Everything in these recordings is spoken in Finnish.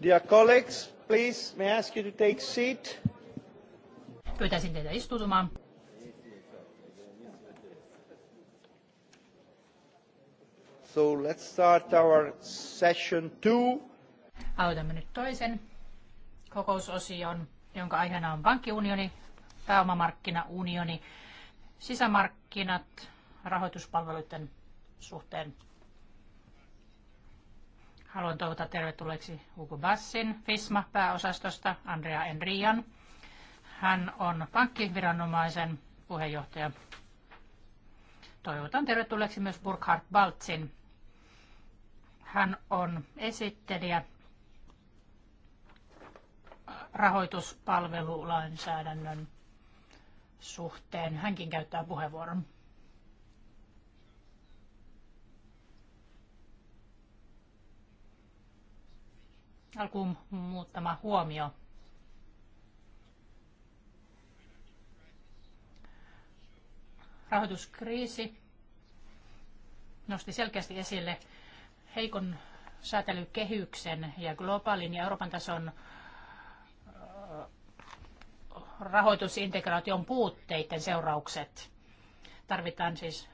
Dear colleagues, please, may I ask you to take seat? Pyytäisin teitä istutumaan. So let's start our session two. Aloitamme nyt toisen kokousosion, jonka aiheena on pankkiunioni, pääomamarkkinaunioni, sisämarkkinat rahoituspalveluiden suhteen Haluan toivottaa tervetulleeksi Hugo Bassin FISMA-pääosastosta Andrea Enrian. Hän on pankkiviranomaisen puheenjohtaja. Toivotan tervetulleeksi myös Burkhard Baltsin. Hän on esittelijä rahoituspalvelulainsäädännön suhteen. Hänkin käyttää puheenvuoron. Alkuun muutama huomio. Rahoituskriisi nosti selkeästi esille heikon säätelykehyksen ja globaalin ja Euroopan tason rahoitusintegraation puutteiden seuraukset. Tarvitaan siis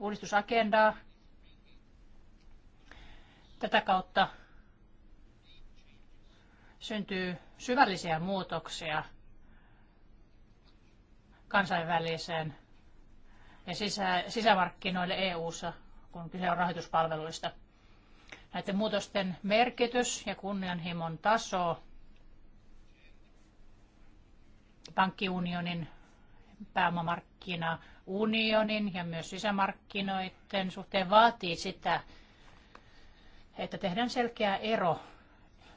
uudistusagendaa. Tätä kautta syntyy syvällisiä muutoksia kansainväliseen ja sisä, sisämarkkinoille EU-ssa, kun kyse on rahoituspalveluista. Näiden muutosten merkitys ja kunnianhimon taso pankkiunionin, unionin ja myös sisämarkkinoiden suhteen vaatii sitä, että tehdään selkeä ero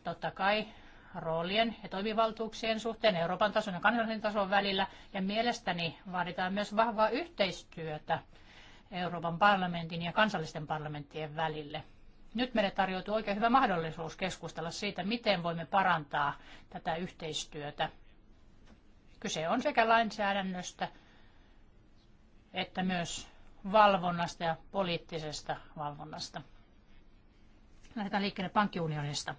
totta kai roolien ja toimivaltuuksien suhteen Euroopan tason ja kansallisen tason välillä. Ja mielestäni vaaditaan myös vahvaa yhteistyötä Euroopan parlamentin ja kansallisten parlamenttien välille. Nyt meille tarjoutuu oikein hyvä mahdollisuus keskustella siitä, miten voimme parantaa tätä yhteistyötä. Kyse on sekä lainsäädännöstä että myös valvonnasta ja poliittisesta valvonnasta. Lähdetään liikkeelle pankkiunionista.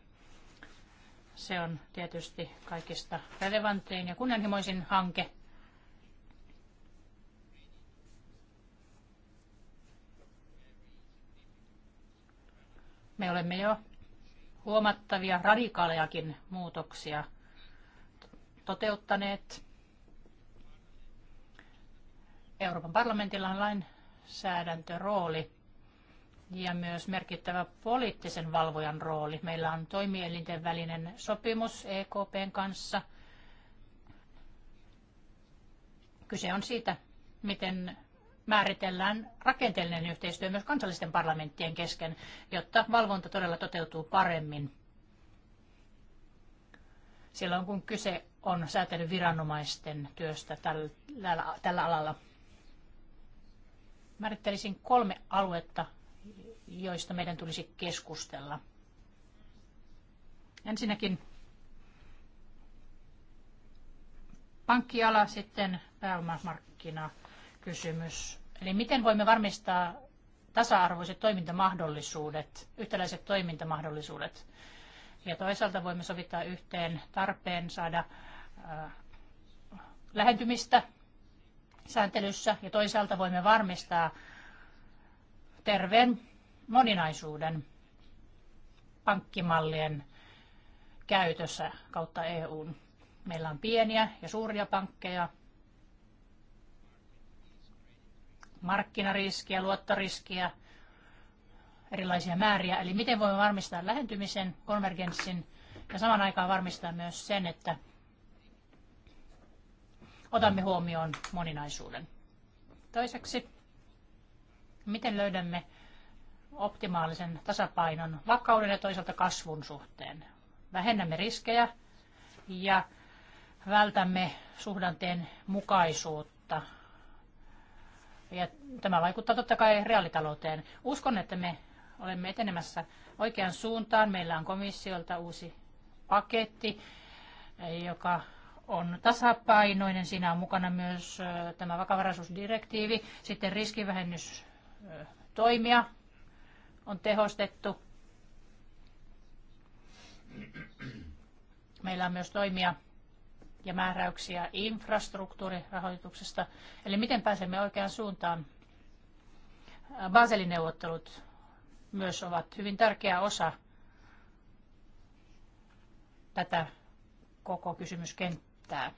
Se on tietysti kaikista relevantein ja kunnianhimoisin hanke. Me olemme jo huomattavia radikaalejakin muutoksia toteuttaneet. Euroopan parlamentilla on lainsäädäntörooli ja myös merkittävä poliittisen valvojan rooli. Meillä on toimielinten välinen sopimus EKPn kanssa. Kyse on siitä, miten määritellään rakenteellinen yhteistyö myös kansallisten parlamenttien kesken, jotta valvonta todella toteutuu paremmin silloin, kun kyse on viranomaisten työstä tällä, tällä alalla määrittelisin kolme aluetta, joista meidän tulisi keskustella. Ensinnäkin pankkiala, sitten pääomamarkkinakysymys. Eli miten voimme varmistaa tasa-arvoiset toimintamahdollisuudet, yhtäläiset toimintamahdollisuudet. Ja toisaalta voimme sovittaa yhteen tarpeen saada äh, lähentymistä sääntelyssä ja toisaalta voimme varmistaa terveen moninaisuuden pankkimallien käytössä kautta EUn. Meillä on pieniä ja suuria pankkeja, markkinariskiä, luottoriskiä, erilaisia määriä. Eli miten voimme varmistaa lähentymisen, konvergenssin ja saman aikaan varmistaa myös sen, että otamme huomioon moninaisuuden. Toiseksi, miten löydämme optimaalisen tasapainon vakauden ja toisaalta kasvun suhteen. Vähennämme riskejä ja vältämme suhdanteen mukaisuutta. Ja tämä vaikuttaa totta kai reaalitalouteen. Uskon, että me olemme etenemässä oikeaan suuntaan. Meillä on komissiolta uusi paketti, joka on tasapainoinen. Siinä on mukana myös tämä vakavaraisuusdirektiivi, sitten riskivähennystoimia, on tehostettu. Meillä on myös toimia ja määräyksiä infrastruktuurirahoituksesta. Eli miten pääsemme oikeaan suuntaan? Baselin neuvottelut myös ovat hyvin tärkeä osa tätä koko kysymyskenttää.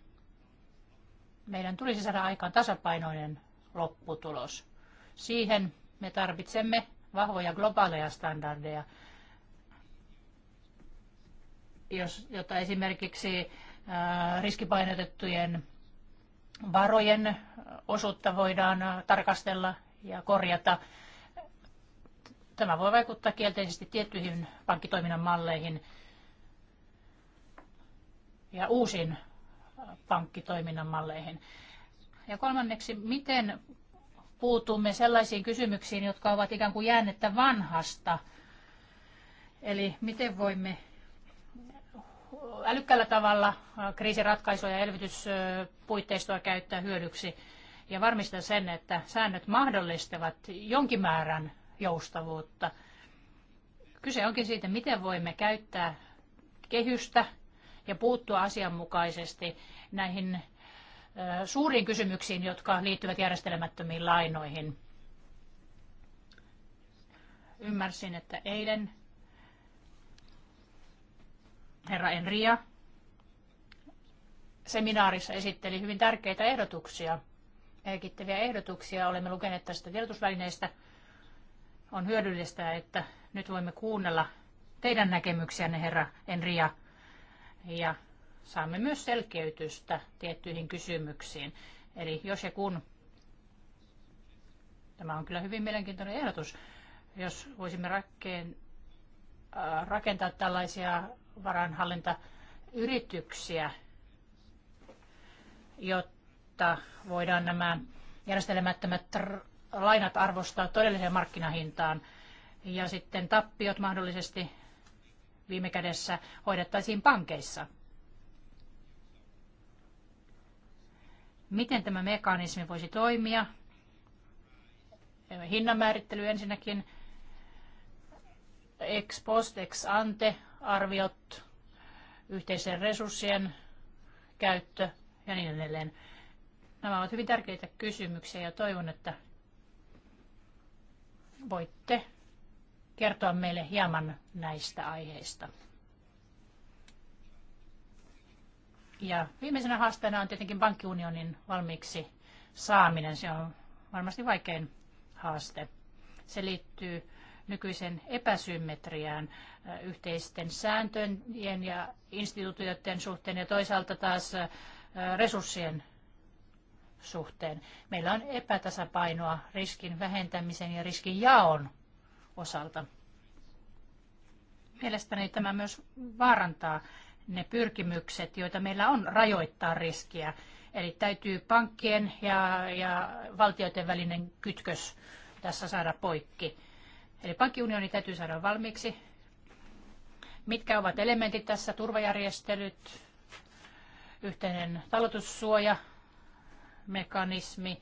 Meidän tulisi saada aikaan tasapainoinen lopputulos. Siihen me tarvitsemme vahvoja globaaleja standardeja, jos, jotta esimerkiksi äh, riskipainotettujen varojen osuutta voidaan äh, tarkastella ja korjata. Tämä voi vaikuttaa kielteisesti tiettyihin pankkitoiminnan malleihin ja uusiin äh, pankkitoiminnan malleihin. Ja kolmanneksi, miten puutumme sellaisiin kysymyksiin, jotka ovat ikään kuin jäännettä vanhasta. Eli miten voimme älykkällä tavalla kriisiratkaisuja ja elvytyspuitteistoa käyttää hyödyksi ja varmistaa sen, että säännöt mahdollistavat jonkin määrän joustavuutta. Kyse onkin siitä, miten voimme käyttää kehystä ja puuttua asianmukaisesti näihin Äh, suuriin kysymyksiin, jotka liittyvät järjestelemättömiin lainoihin. Ymmärsin, että eilen herra Enria seminaarissa esitteli hyvin tärkeitä ehdotuksia, merkittäviä ehdotuksia. Olemme lukeneet tästä tiedotusvälineestä. On hyödyllistä, että nyt voimme kuunnella teidän näkemyksiänne, herra Enria, ja saamme myös selkeytystä tiettyihin kysymyksiin. Eli jos ja kun, tämä on kyllä hyvin mielenkiintoinen ehdotus, jos voisimme rakkeen, äh, rakentaa tällaisia varanhallintayrityksiä, jotta voidaan nämä järjestelemättömät lainat arvostaa todelliseen markkinahintaan ja sitten tappiot mahdollisesti viime kädessä hoidettaisiin pankeissa – Miten tämä mekanismi voisi toimia? Hinnanmäärittely ensinnäkin, ex post, ex ante, arviot, yhteisen resurssien käyttö ja niin edelleen. Nämä ovat hyvin tärkeitä kysymyksiä ja toivon, että voitte kertoa meille hieman näistä aiheista. Ja viimeisenä haasteena on tietenkin pankkiunionin valmiiksi saaminen. Se on varmasti vaikein haaste. Se liittyy nykyisen epäsymmetriään äh, yhteisten sääntöjen ja instituutioiden suhteen ja toisaalta taas äh, resurssien suhteen. Meillä on epätasapainoa riskin vähentämisen ja riskin jaon osalta. Mielestäni tämä myös vaarantaa ne pyrkimykset, joita meillä on rajoittaa riskiä. Eli täytyy pankkien ja, ja valtioiden välinen kytkös tässä saada poikki. Eli pankkiunioni täytyy saada valmiiksi. Mitkä ovat elementit tässä? Turvajärjestelyt, yhteinen talotussuoja, mekanismi.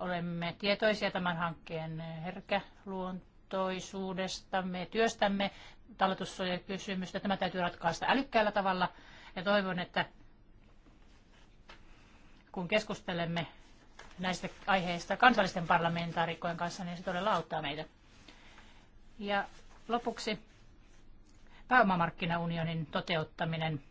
Olemme tietoisia tämän hankkeen herkäluontoisuudesta. Me työstämme talletussuojakysymystä. Tämä täytyy ratkaista älykkäällä tavalla ja toivon, että kun keskustelemme näistä aiheista kansallisten parlamentaarikkojen kanssa, niin se todella auttaa meitä. Ja lopuksi pääomamarkkinaunionin toteuttaminen –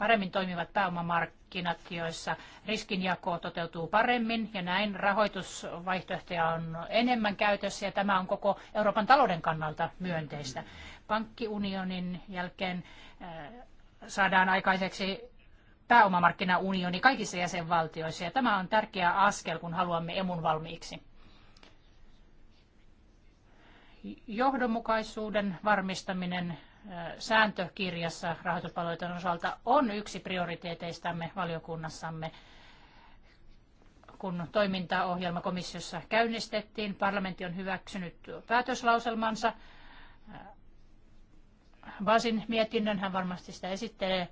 paremmin toimivat pääomamarkkinat, joissa riskinjako toteutuu paremmin ja näin rahoitusvaihtoehtoja on enemmän käytössä ja tämä on koko Euroopan talouden kannalta myönteistä. Pankkiunionin jälkeen äh, saadaan aikaiseksi pääomamarkkinaunioni kaikissa jäsenvaltioissa ja tämä on tärkeä askel, kun haluamme emun valmiiksi. Johdonmukaisuuden varmistaminen sääntökirjassa rahoituspalveluiden osalta on yksi prioriteeteistamme valiokunnassamme. Kun toimintaohjelma komissiossa käynnistettiin, parlamentti on hyväksynyt päätöslauselmansa. Basin mietinnön hän varmasti sitä esittelee.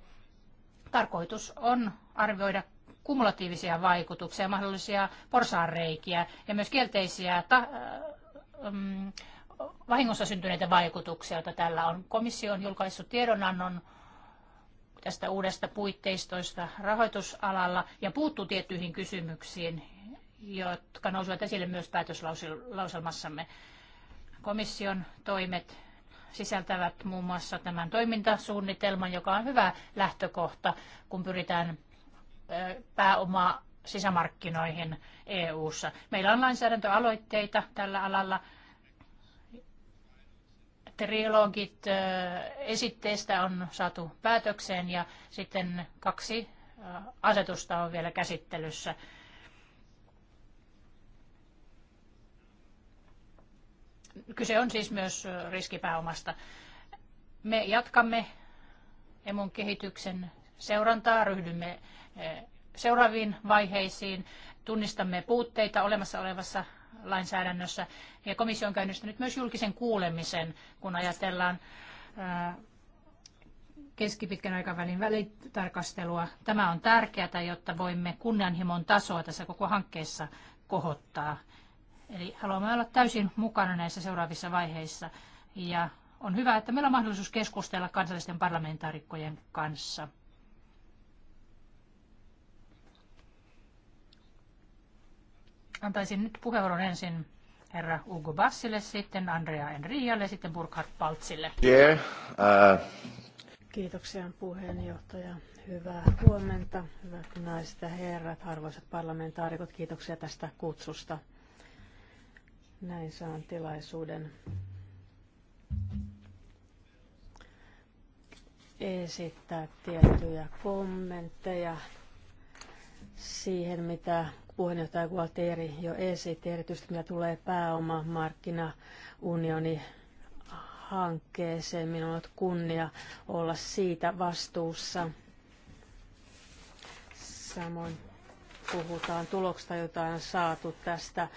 Tarkoitus on arvioida kumulatiivisia vaikutuksia, mahdollisia porsaanreikiä ja myös kielteisiä ta- mm, vahingossa syntyneitä vaikutuksia, joita tällä on. Komissio on julkaissut tiedonannon tästä uudesta puitteistoista rahoitusalalla ja puuttuu tiettyihin kysymyksiin, jotka nousivat esille myös päätöslauselmassamme. Komission toimet sisältävät muun muassa tämän toimintasuunnitelman, joka on hyvä lähtökohta, kun pyritään pääoma sisämarkkinoihin EU-ssa. Meillä on lainsäädäntöaloitteita tällä alalla – trilogit esitteestä on saatu päätökseen ja sitten kaksi asetusta on vielä käsittelyssä. Kyse on siis myös riskipääomasta. Me jatkamme emun kehityksen seurantaa, ryhdymme seuraaviin vaiheisiin, tunnistamme puutteita olemassa olevassa lainsäädännössä. Ja komissio on käynnistänyt myös julkisen kuulemisen, kun ajatellaan äh, keskipitkän aikavälin välitarkastelua. Tämä on tärkeää, jotta voimme kunnianhimon tasoa tässä koko hankkeessa kohottaa. Eli haluamme olla täysin mukana näissä seuraavissa vaiheissa. Ja on hyvä, että meillä on mahdollisuus keskustella kansallisten parlamentaarikkojen kanssa. Antaisin nyt puheenvuoron ensin herra Ugo Bassille, sitten Andrea Enrialle, sitten Burkhard Paltsille. Yeah, uh... Kiitoksia puheenjohtaja. Hyvää huomenta, hyvät naiset ja herrat, arvoisat parlamentaarikot. Kiitoksia tästä kutsusta. Näin saan tilaisuuden esittää tiettyjä kommentteja siihen, mitä puheenjohtaja Gualtieri jo esitti, erityisesti mitä tulee pääomamarkkinaunioni hankkeeseen. Minulla on kunnia olla siitä vastuussa. Samoin puhutaan tuloksista, joita on saatu tästä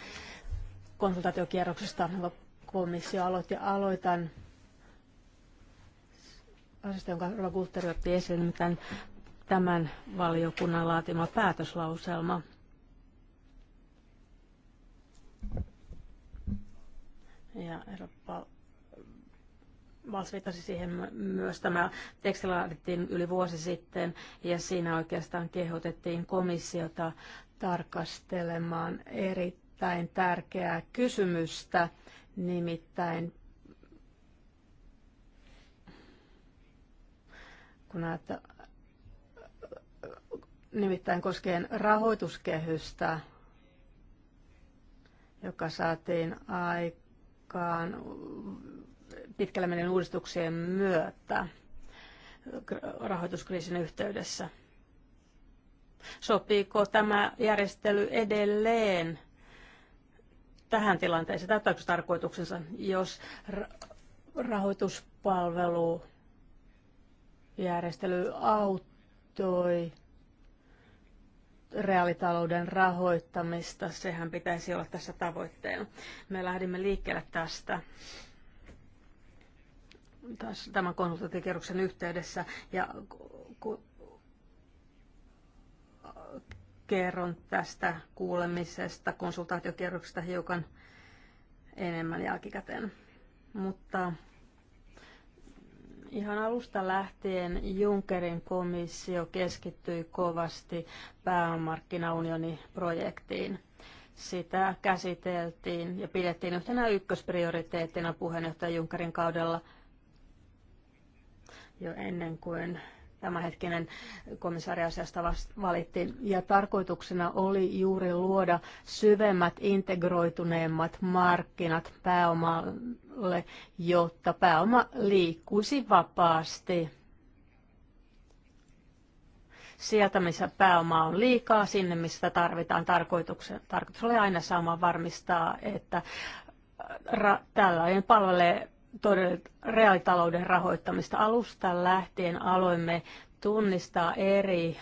konsultaatiokierroksesta, jonka komissio aloitti. Aloitan asiasta, jonka Rola Gutteri otti esille, tämän valiokunnan laatima päätöslauselma Ja Eurooppa Vals viittasi siihen myös tämä teksti laadittiin yli vuosi sitten ja siinä oikeastaan kehotettiin komissiota tarkastelemaan erittäin tärkeää kysymystä, nimittäin kun ajattel, nimittäin koskien rahoituskehystä, joka saatiin aikaan aikaan pitkällä menen uudistuksien myötä rahoituskriisin yhteydessä. Sopiiko tämä järjestely edelleen tähän tilanteeseen? Täyttääkö tarkoituksensa, jos rahoituspalvelujärjestely auttoi reaalitalouden rahoittamista. Sehän pitäisi olla tässä tavoitteena. Me lähdimme liikkeelle tästä tämän konsultatikerroksen yhteydessä ja kerron tästä kuulemisesta, konsultaatiokierroksesta hiukan enemmän jälkikäteen. Mutta Ihan alusta lähtien Junckerin komissio keskittyi kovasti pääomarkkinaunioniprojektiin. Sitä käsiteltiin ja pidettiin yhtenä ykkösprioriteettina puheenjohtaja Junckerin kaudella jo ennen kuin tämänhetkinen komissaari asiasta valittiin. Ja tarkoituksena oli juuri luoda syvemmät, integroituneemmat markkinat pääomalle, jotta pääoma liikkuisi vapaasti. Sieltä, missä pääoma on liikaa, sinne, missä tarvitaan tarkoituksen. Tarkoitus oli aina sama varmistaa, että ra- tällainen palvelee reaalitalouden rahoittamista. Alusta lähtien aloimme tunnistaa eri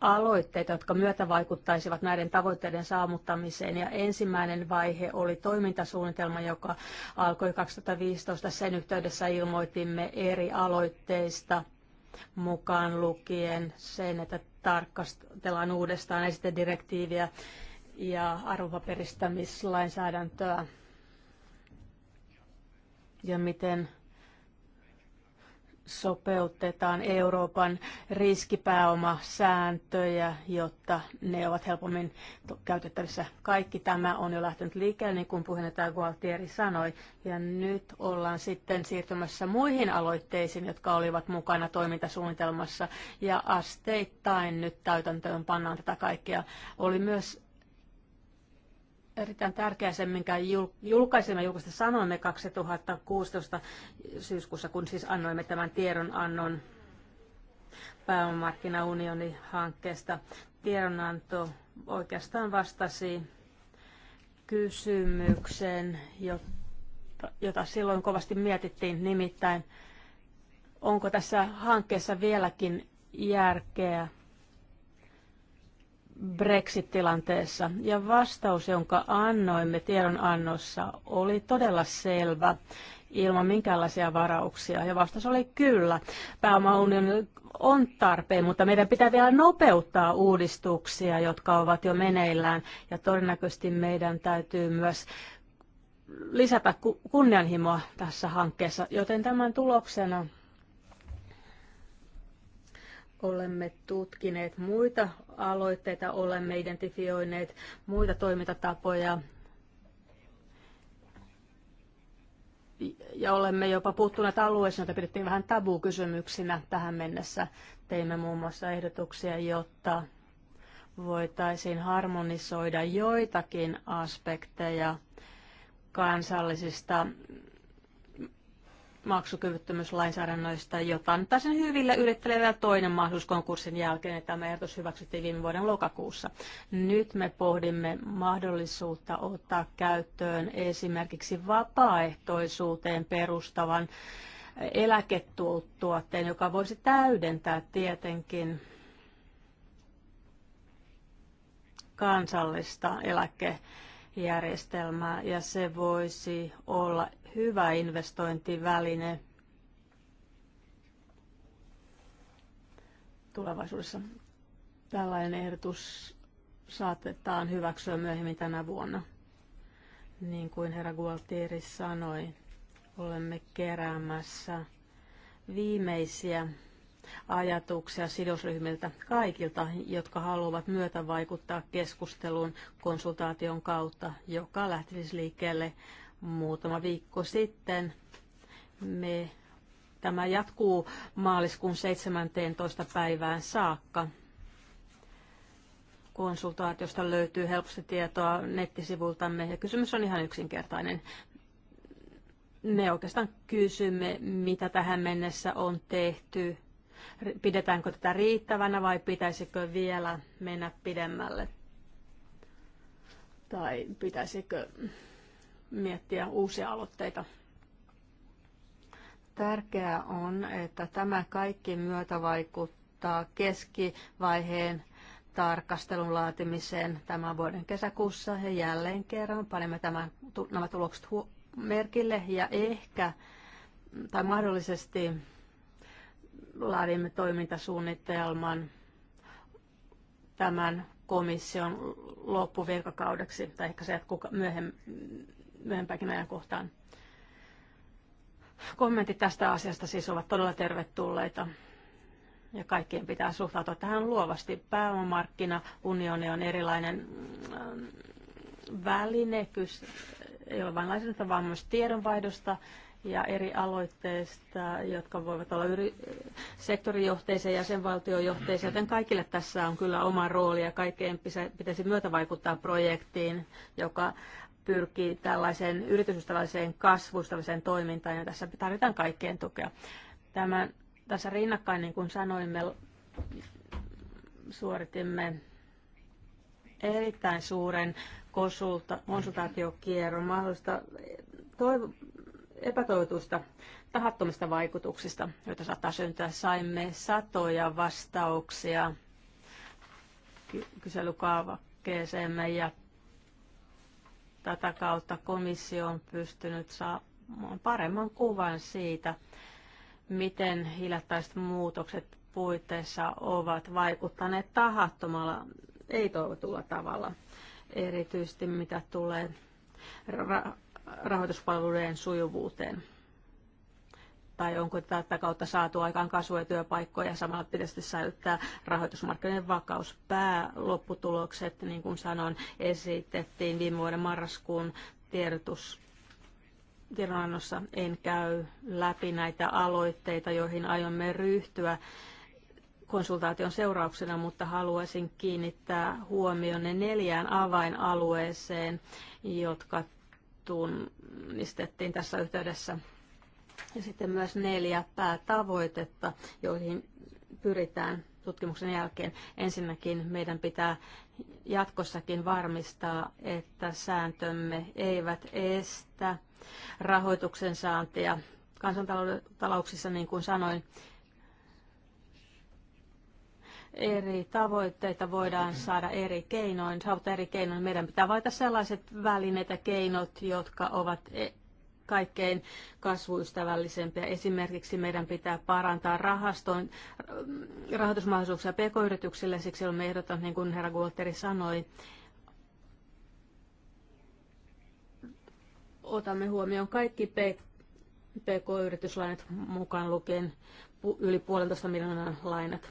aloitteita, jotka vaikuttaisivat näiden tavoitteiden saavuttamiseen. Ja ensimmäinen vaihe oli toimintasuunnitelma, joka alkoi 2015. Sen yhteydessä ilmoitimme eri aloitteista mukaan lukien sen, että tarkastellaan uudestaan esitedirektiiviä ja arvopaperistämislainsäädäntöä ja miten sopeutetaan Euroopan riskipääomasääntöjä, jotta ne ovat helpommin käytettävissä. Kaikki tämä on jo lähtenyt liikkeelle, niin kuin puheenjohtaja Gualtieri sanoi. Ja nyt ollaan sitten siirtymässä muihin aloitteisiin, jotka olivat mukana toimintasuunnitelmassa. Ja asteittain nyt täytäntöön pannaan tätä kaikkea. Oli myös erittäin tärkeä se, minkä julkaisimme julkaisesti sanoimme 2016 syyskuussa, kun siis annoimme tämän tiedonannon pääomamarkkinaunionin hankkeesta. Tiedonanto oikeastaan vastasi kysymyksen, jota silloin kovasti mietittiin, nimittäin onko tässä hankkeessa vieläkin järkeä Brexit-tilanteessa. Ja vastaus, jonka annoimme tiedonannossa, oli todella selvä ilman minkäänlaisia varauksia. Ja vastaus oli kyllä. Pääomaunioni on tarpeen, mutta meidän pitää vielä nopeuttaa uudistuksia, jotka ovat jo meneillään. Ja todennäköisesti meidän täytyy myös lisätä kunnianhimoa tässä hankkeessa, joten tämän tuloksena Olemme tutkineet muita aloitteita, olemme identifioineet muita toimintatapoja ja olemme jopa puuttuneet alueisiin, joita pidettiin vähän tabu-kysymyksinä tähän mennessä. Teimme muun muassa ehdotuksia, jotta voitaisiin harmonisoida joitakin aspekteja kansallisista maksukyvyttömyyslainsäädännöistä, jota antaisin hyville yrittäjille yrittäjillä toinen mahdollisuus konkurssin jälkeen, että tämä ehdotus hyväksyttiin viime vuoden lokakuussa. Nyt me pohdimme mahdollisuutta ottaa käyttöön esimerkiksi vapaaehtoisuuteen perustavan eläketuotteen, joka voisi täydentää tietenkin kansallista eläkejärjestelmää ja se voisi olla hyvä investointiväline tulevaisuudessa. Tällainen ehdotus saatetaan hyväksyä myöhemmin tänä vuonna. Niin kuin herra Gualtieri sanoi, olemme keräämässä viimeisiä ajatuksia sidosryhmiltä kaikilta, jotka haluavat myötä vaikuttaa keskusteluun konsultaation kautta, joka lähtisi liikkeelle muutama viikko sitten. Me, tämä jatkuu maaliskuun 17. päivään saakka. Konsultaatiosta löytyy helposti tietoa nettisivultamme ja kysymys on ihan yksinkertainen. Me oikeastaan kysymme, mitä tähän mennessä on tehty, pidetäänkö tätä riittävänä vai pitäisikö vielä mennä pidemmälle tai pitäisikö miettiä uusia aloitteita. Tärkeää on, että tämä kaikki myötä vaikuttaa keskivaiheen tarkastelun laatimiseen tämän vuoden kesäkuussa ja jälleen kerran panemme tämän, nämä tulokset merkille ja ehkä tai mahdollisesti laadimme toimintasuunnitelman tämän komission loppuvirkakaudeksi, tai ehkä se jatkuu myöhemmin myöhempäänkin ajankohtaan. Kommentit tästä asiasta siis ovat todella tervetulleita ja kaikkien pitää suhtautua tähän luovasti. Pääomamarkkinaunioni on erilainen mm, väline, ei ole vain lainsäädäntö, vaan myös tiedonvaihdosta ja eri aloitteista, jotka voivat olla yri- sektorijohteisia ja valtiojohteisia, joten kaikille tässä on kyllä oma rooli ja kaikkeen pitäisi myötävaikuttaa projektiin, joka pyrkii tällaiseen yritysystävälliseen kasvustaviseen toimintaan ja tässä tarvitaan kaikkeen tukea. Tämän, tässä rinnakkain, niin kuin me suoritimme erittäin suuren konsulta- konsultaatiokierron mahdollista toiv- epätoivotusta tahattomista vaikutuksista, joita saattaa syntyä. Saimme satoja vastauksia kyselykaavakkeeseemme ja Tätä kautta komissio on pystynyt saamaan paremman kuvan siitä, miten hiljattaiset muutokset puitteissa ovat vaikuttaneet tahattomalla, ei-toivotulla tavalla, erityisesti mitä tulee ra- rahoituspalveluiden sujuvuuteen tai onko tätä kautta saatu aikaan kasvua ja työpaikkoja. Samalla pitäisi säilyttää rahoitusmarkkinoiden vakaus. Päälopputulokset, niin kuin sanoin, esitettiin viime vuoden marraskuun tiedotus tiedonannossa en käy läpi näitä aloitteita, joihin aiomme ryhtyä konsultaation seurauksena, mutta haluaisin kiinnittää huomioon ne neljään avainalueeseen, jotka tunnistettiin tässä yhteydessä ja sitten myös neljä päätavoitetta, joihin pyritään tutkimuksen jälkeen. Ensinnäkin meidän pitää jatkossakin varmistaa, että sääntömme eivät estä rahoituksen saantia kansantalouksissa, niin kuin sanoin, eri tavoitteita voidaan saada eri keinoin, saavuttaa eri keinoin. Meidän pitää valita sellaiset välineet ja keinot, jotka ovat e- kaikkein kasvuystävällisempiä. Esimerkiksi meidän pitää parantaa rahastoin, rahoitusmahdollisuuksia pk-yrityksille, siksi olemme ehdottaneet, niin kuin herra Gualteri sanoi, otamme huomioon kaikki pk-yrityslainat mukaan lukien yli puolentoista miljoonan lainat.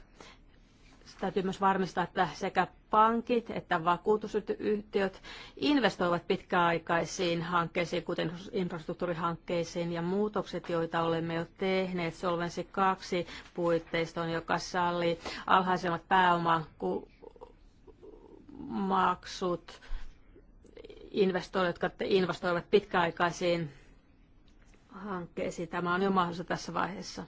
Sitä täytyy myös varmistaa, että sekä pankit että vakuutusyhtiöt investoivat pitkäaikaisiin hankkeisiin, kuten infrastruktuurihankkeisiin ja muutokset, joita olemme jo tehneet Solvensi 2 on joka sallii alhaisemmat pääomamaksut investoijat jotka investoivat pitkäaikaisiin hankkeisiin. Tämä on jo mahdollista tässä vaiheessa.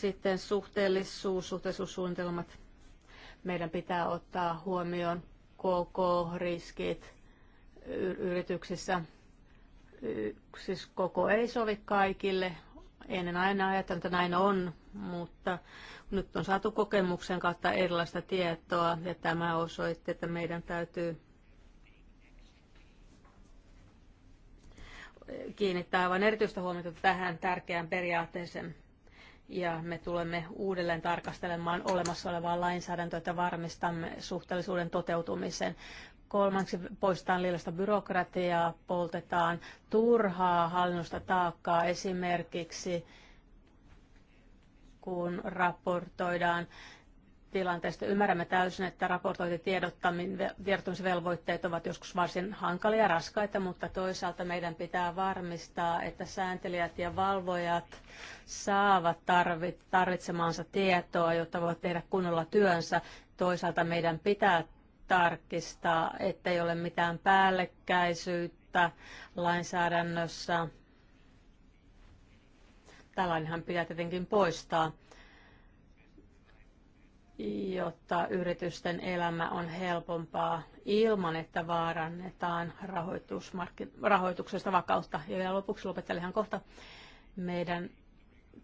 Sitten suhteellisuus, suhteellisuussuunnitelmat. Meidän pitää ottaa huomioon koko riskit yrityksissä. Siis koko ei sovi kaikille. En aina ajatellut, että näin on, mutta nyt on saatu kokemuksen kautta erilaista tietoa ja tämä osoitti, että meidän täytyy kiinnittää aivan erityistä huomiota tähän tärkeään periaatteeseen ja me tulemme uudelleen tarkastelemaan olemassa olevaa lainsäädäntöä, että varmistamme suhteellisuuden toteutumisen. Kolmanneksi poistetaan liiallista byrokratiaa, poltetaan turhaa hallinnosta taakkaa esimerkiksi kun raportoidaan tilanteesta. Ymmärrämme täysin, että raportointitiedottamisvelvoitteet ovat joskus varsin hankalia ja raskaita, mutta toisaalta meidän pitää varmistaa, että sääntelijät ja valvojat saavat tarvitsemaansa tietoa, jotta voivat tehdä kunnolla työnsä. Toisaalta meidän pitää tarkistaa, ettei ole mitään päällekkäisyyttä lainsäädännössä. Tällainenhan pitää tietenkin poistaa jotta yritysten elämä on helpompaa ilman, että vaarannetaan rahoituksesta vakautta. Ja vielä lopuksi lopettelen ihan kohta. Meidän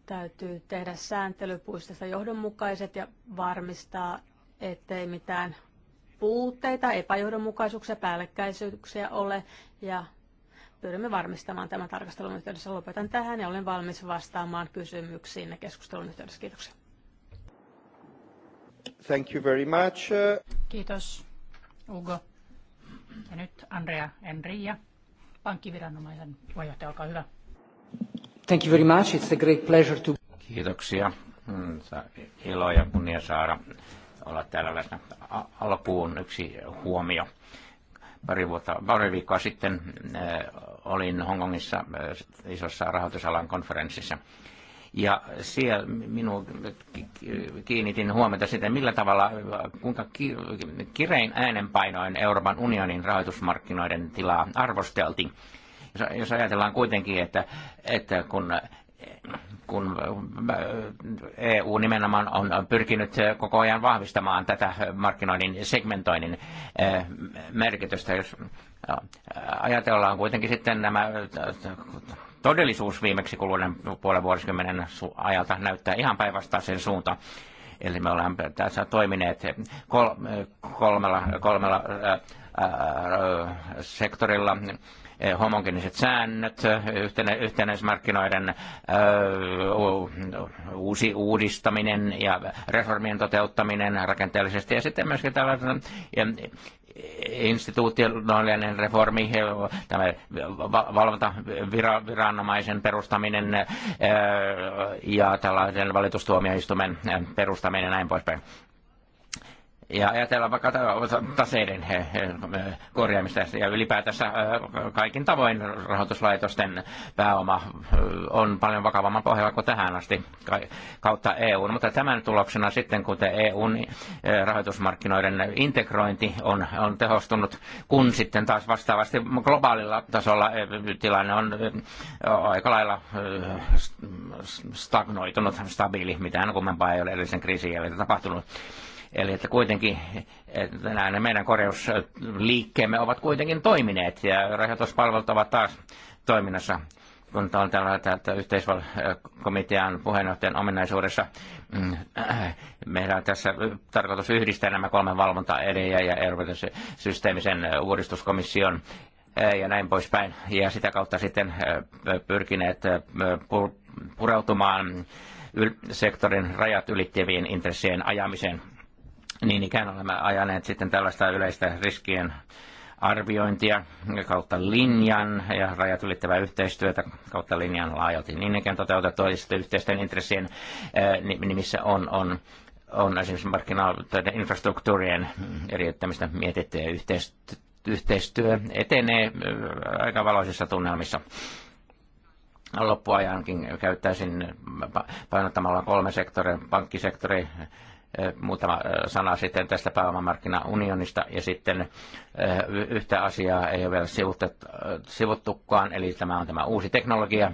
täytyy tehdä sääntelypuistosta johdonmukaiset ja varmistaa, ettei mitään puutteita, epäjohdonmukaisuuksia, päällekkäisyyksiä ole ja pyrimme varmistamaan tämän tarkastelun yhteydessä. Lopetan tähän ja olen valmis vastaamaan kysymyksiin ja keskustelun yhteydessä. Kiitoksia. Thank you very much. Kiitos, Ugo. Ja nyt Andrea Enria, pankkiviranomaisen puheenjohtaja, olkaa hyvä. Thank you very much. It's a great pleasure to... Kiitoksia. Mm, ilo ja kunnia saada olla täällä läsnä. Alkuun yksi huomio. Pari, vuotta, pari viikkoa sitten olin Hongkongissa isossa rahoitusalan konferenssissa ja siellä minun kiinnitin huomiota sitä, millä tavalla, kuinka kirein äänenpainoin Euroopan unionin rahoitusmarkkinoiden tilaa arvosteltiin. Jos ajatellaan kuitenkin, että, että kun kun EU nimenomaan on pyrkinyt koko ajan vahvistamaan tätä markkinoinnin segmentoinnin merkitystä. Jos ajatellaan kuitenkin sitten nämä todellisuus viimeksi kuluneen puolen vuosikymmenen ajalta näyttää ihan päinvastaiseen suuntaan. Eli me ollaan tässä toimineet kol, kolmella, kolmella ää, sektorilla homogeniset säännöt, yhtenä, yhtenäismarkkinoiden uusi uudistaminen ja reformien toteuttaminen rakenteellisesti ja sitten myöskin tällainen institutionaalinen reformi, tämä valvontaviranomaisen perustaminen ja tällaisen valitustuomioistuimen perustaminen ja näin poispäin ja ajatellaan vaikka taseiden korjaamista ja ylipäätänsä kaikin tavoin rahoituslaitosten pääoma on paljon vakavamman pohjalla kuin tähän asti kautta EU, Mutta tämän tuloksena sitten, kun EUn rahoitusmarkkinoiden integrointi on, on tehostunut, kun sitten taas vastaavasti globaalilla tasolla tilanne on aika lailla stagnoitunut, stabiili, mitään kummempaa ei ole edellisen kriisin jälkeen tapahtunut. Eli että kuitenkin että nämä meidän korjausliikkeemme ovat kuitenkin toimineet ja rajoituspalvelut ovat taas toiminnassa kun on täällä täältä yhteiskomitean puheenjohtajan ominaisuudessa. Mm, äh, meillä on tässä tarkoitus yhdistää nämä kolme valvontaeliä ja Euroopan systeemisen uudistuskomission äh, ja näin poispäin. Ja sitä kautta sitten äh, pyrkineet pureutumaan mm, sektorin rajat ylittävien intressien ajamiseen niin ikään olemme ajaneet sitten tällaista yleistä riskien arviointia kautta linjan ja rajat ylittävää yhteistyötä kautta linjan laajalti. Niin ikään toteutettua yhteisten intressien eh, nimissä on, on on esimerkiksi markkinoiden infrastruktuurien eriyttämistä mietitty ja yhteistyö, yhteistyö etenee eh, aika valoisissa tunnelmissa. Loppuajankin käyttäisin painottamalla kolme sektoria, pankkisektori, Eh, muutama eh, sana sitten tästä pääomamarkkinaunionista ja sitten eh, yhtä asiaa ei ole vielä sivuttukaan, eli tämä on tämä uusi teknologia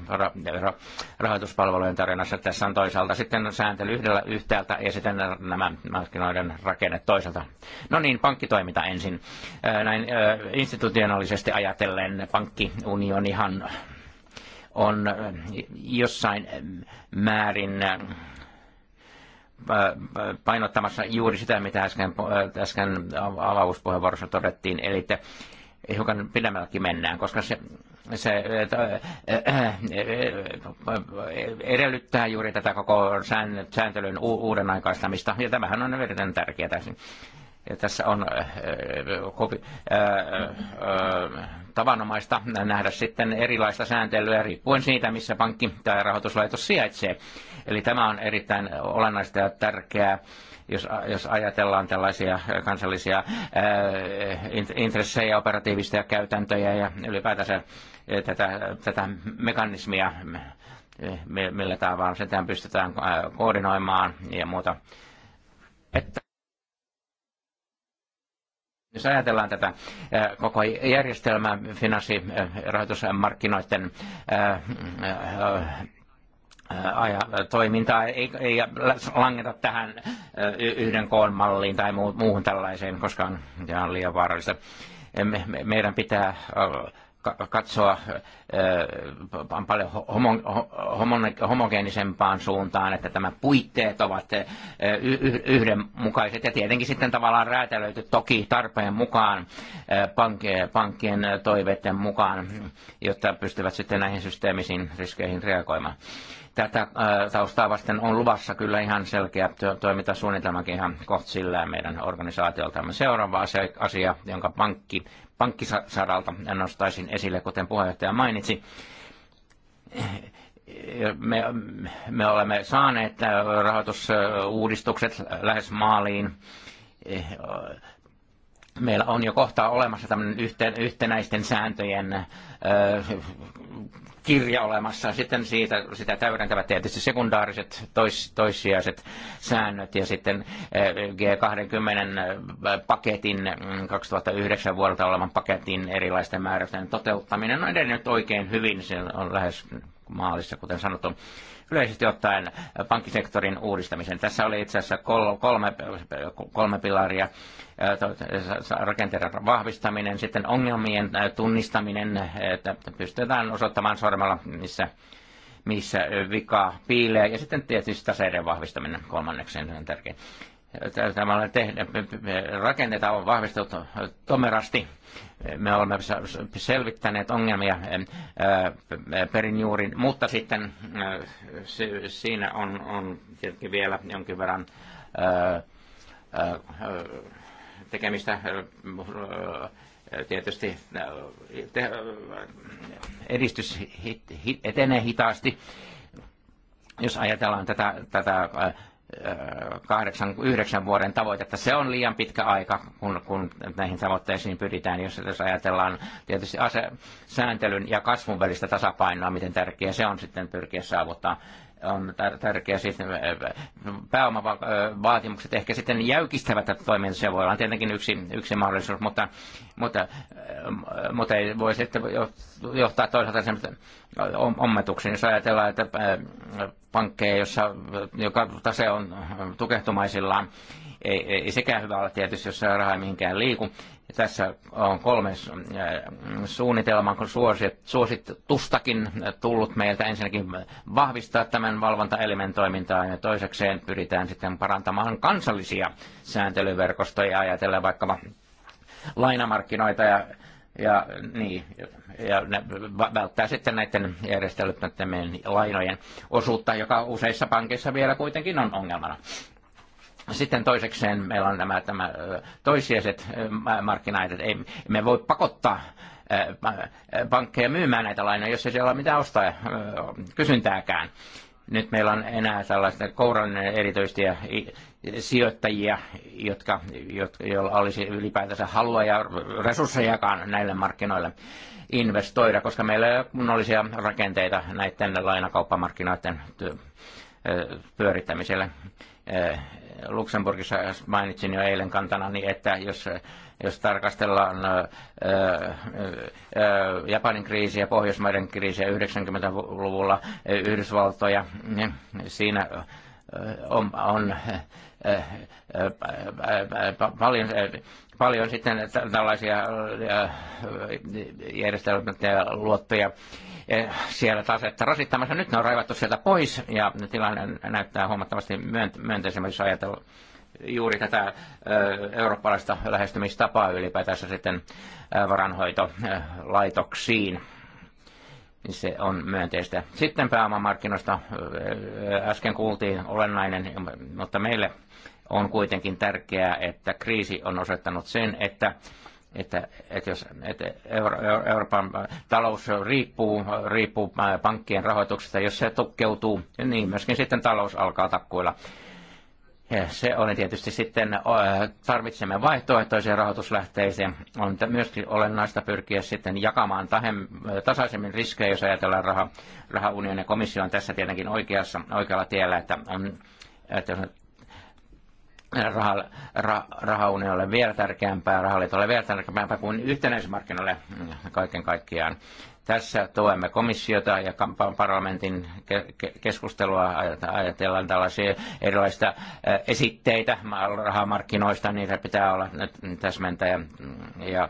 rahoituspalvelujen tarinassa. Tässä on toisaalta sitten sääntely yhdellä yhtäältä ja sitten nämä markkinoiden rakenne toisaalta. No niin, pankkitoiminta ensin. Näin institutionaalisesti ajatellen pankkiunionihan on jossain määrin painottamassa juuri sitä, mitä äsken, äsken avauspuheenvuorossa todettiin, eli että hiukan pidemmälläkin mennään, koska se, se edellyttää juuri tätä koko sääntelyn uuden aikaistamista, ja tämähän on erittäin tärkeää. Ja tässä on äh, kopi, äh, äh, tavanomaista nähdä sitten erilaista sääntelyä riippuen siitä, missä pankki tai rahoituslaitos sijaitsee. Eli tämä on erittäin olennaista ja tärkeää jos, jos ajatellaan tällaisia kansallisia ää, äh, intressejä, operatiivisia käytäntöjä ja ylipäätänsä äh, tätä, tätä mekanismia, äh, millä tavalla sitä pystytään koordinoimaan ja muuta Jos ajatellaan tätä koko järjestelmää finanssirahoitusmarkkinoiden aja, toimintaa ei, ei langeta tähän yhden koon malliin tai muuhun tällaiseen, koska on ihan liian vaarallista. Meidän pitää katsoa äh, paljon homogeenisempaan suuntaan, että tämä puitteet ovat äh, yhdenmukaiset ja tietenkin sitten tavallaan räätälöity toki tarpeen mukaan äh, pankkien toiveiden mukaan, jotta pystyvät sitten näihin systeemisiin riskeihin reagoimaan. Tätä taustaa vasten on luvassa kyllä ihan selkeä toimintasuunnitelmakin ihan kohta sillä meidän organisaatioltamme. Seuraava asia, jonka pankki, pankkisaralta nostaisin esille, kuten puheenjohtaja mainitsi. Me, me olemme saaneet rahoitusuudistukset lähes maaliin. Meillä on jo kohta olemassa tämmöinen yhtenäisten sääntöjen kirja olemassa. Sitten siitä, sitä täydentävät tietysti sekundaariset, tois, toissijaiset säännöt ja sitten eh, G20-paketin eh, 2009 mm, vuodelta olevan paketin erilaisten määräysten toteuttaminen on no edennyt oikein hyvin. Se on lähes maalissa, kuten sanottu yleisesti ottaen pankkisektorin uudistamisen. Tässä oli itse asiassa kolme, kolme pilaria. Rakenteiden vahvistaminen, sitten ongelmien tunnistaminen, että pystytään osoittamaan sormella, missä missä vika piilee. Ja sitten tietysti taseiden vahvistaminen kolmanneksi on tärkeä. Tämä rakenteita on vahvistettu tomerasti. Me olemme selvittäneet ongelmia perinjuurin, mutta sitten siinä on, on tietenkin vielä jonkin verran tekemistä tietysti edistys etenee hitaasti. Jos ajatellaan tätä, tätä kahdeksan, yhdeksän vuoden tavoitetta. Se on liian pitkä aika, kun, kun näihin tavoitteisiin pyritään, jos, jos ajatellaan tietysti ase, sääntelyn ja kasvun välistä tasapainoa, miten tärkeää se on sitten pyrkiä saavuttaa on tärkeä sitten siis, äh, pääomavaatimukset ehkä sitten jäykistävät tätä toimintaa. Se voi olla tietenkin yksi, yksi mahdollisuus, mutta, mutta, äh, mutta ei voi sitten johtaa toisaalta semmoista ommetuksiin. Jos ajatellaan, että äh, pankkeja, jossa, joka tase on tukehtumaisillaan, ei, ei sekään hyvä olla tietysti, jos raha ei mihinkään liiku. Tässä on kolme äh, suunnitelman suositustakin tullut meiltä. Ensinnäkin vahvistaa tämän valvontaelimen toimintaa ja toisekseen pyritään sitten parantamaan kansallisia sääntelyverkostoja ajatellen vaikka lainamarkkinoita ja ja, niin, ja ne välttää sitten näiden järjestelmättömien lainojen osuutta, joka useissa pankeissa vielä kuitenkin on ongelmana. Sitten toisekseen meillä on nämä tämä, toisiaiset markkinaajat. Ei, me voi pakottaa pankkeja myymään näitä lainoja, jos ei siellä ole mitään ostaa kysyntääkään. Nyt meillä on enää tällaista kouran erityistä sijoittajia, jotka, jotka, joilla olisi ylipäätänsä halua ja resurssejakaan näille markkinoille investoida, koska meillä ei ole kunnollisia rakenteita näiden lainakauppamarkkinoiden pyörittämiselle Luxemburgissa mainitsin jo eilen kantana, niin että jos, jos tarkastellaan ää, ää, Japanin kriisiä, Pohjoismaiden kriisiä 90-luvulla, Yhdysvaltoja, niin siinä on, on paljon paljon sitten tällaisia ja luottoja siellä että rasittamassa. Nyt ne on raivattu sieltä pois ja tilanne näyttää huomattavasti myönteisemmän, jos ajatellaan juuri tätä eurooppalaista lähestymistapaa ylipäätänsä sitten varanhoitolaitoksiin. Se on myönteistä. Sitten pääomamarkkinoista äsken kuultiin olennainen, mutta meille on kuitenkin tärkeää, että kriisi on osoittanut sen, että että, että jos että Euro, Euroopan talous riippuu, riippuu äh, pankkien rahoituksesta, jos se tukkeutuu, niin myöskin sitten talous alkaa takkuilla. Ja se oli tietysti sitten, äh, tarvitsemme vaihtoehtoisia rahoituslähteisiä. On myöskin olennaista pyrkiä sitten jakamaan tahem, tasaisemmin riskejä, jos ajatellaan raha, ja Komissio on tässä tietenkin oikeassa, oikealla tiellä, että, on, mm, että rahalle, ra, rahauniolle vielä tärkeämpää, rahaliitolle vielä tärkeämpää kuin yhtenäismarkkinoille kaiken kaikkiaan. Tässä tuemme komissiota ja parlamentin keskustelua, ajatellaan tällaisia erilaisia äh, esitteitä rahamarkkinoista, niitä pitää olla nyt täsmentä ja, ja,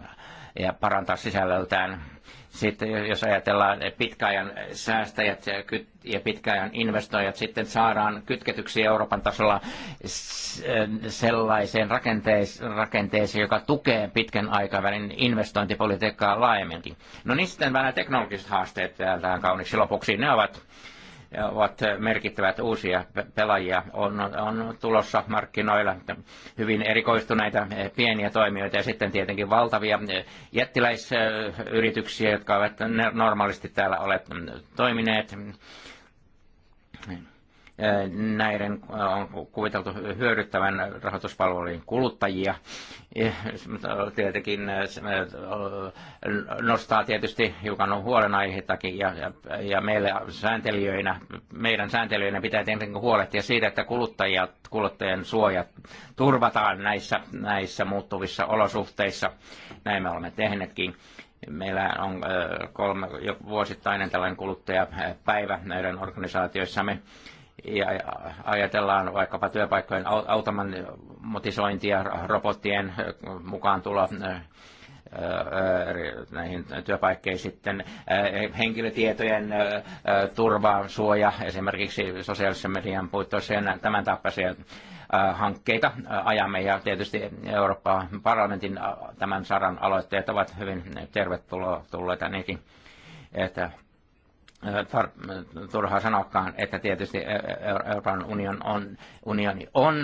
ja parantaa sisällöltään sitten jos ajatellaan pitkäajan säästäjät ja pitkäajan investoijat, sitten saadaan kytketyksi Euroopan tasolla sellaiseen rakenteeseen, joka tukee pitkän aikavälin investointipolitiikkaa laajemminkin. No niin sitten vähän teknologiset haasteet täältä kauniksi lopuksi. Ne ovat ovat merkittävät uusia pelaajia. On, on tulossa markkinoilla hyvin erikoistuneita eh, pieniä toimijoita ja sitten tietenkin valtavia eh, jättiläisyrityksiä, jotka ovat normaalisti täällä olet mm, toimineet näiden on kuviteltu hyödyttävän rahoituspalvelujen kuluttajia. Tietenkin nostaa tietysti hiukan huolenaiheittakin ja, ja meille sääntelijöinä, meidän sääntelijöinä pitää tietenkin huolehtia siitä, että kuluttajat, kuluttajien suojat turvataan näissä, näissä muuttuvissa olosuhteissa. Näin me olemme tehneetkin. Meillä on kolme, jo vuosittainen tällainen kuluttajapäivä näiden organisaatioissamme ja ajatellaan vaikkapa työpaikkojen automatisointia, robottien mukaan tulo näihin työpaikkeihin sitten henkilötietojen turva, suoja, esimerkiksi sosiaalisen median puitteissa ja tämän tapaisia hankkeita ajamme ja tietysti Euroopan parlamentin tämän saran aloitteet ovat hyvin tervetulleita nekin. Että turhaa sanoakaan, että tietysti Euroopan union on, unioni on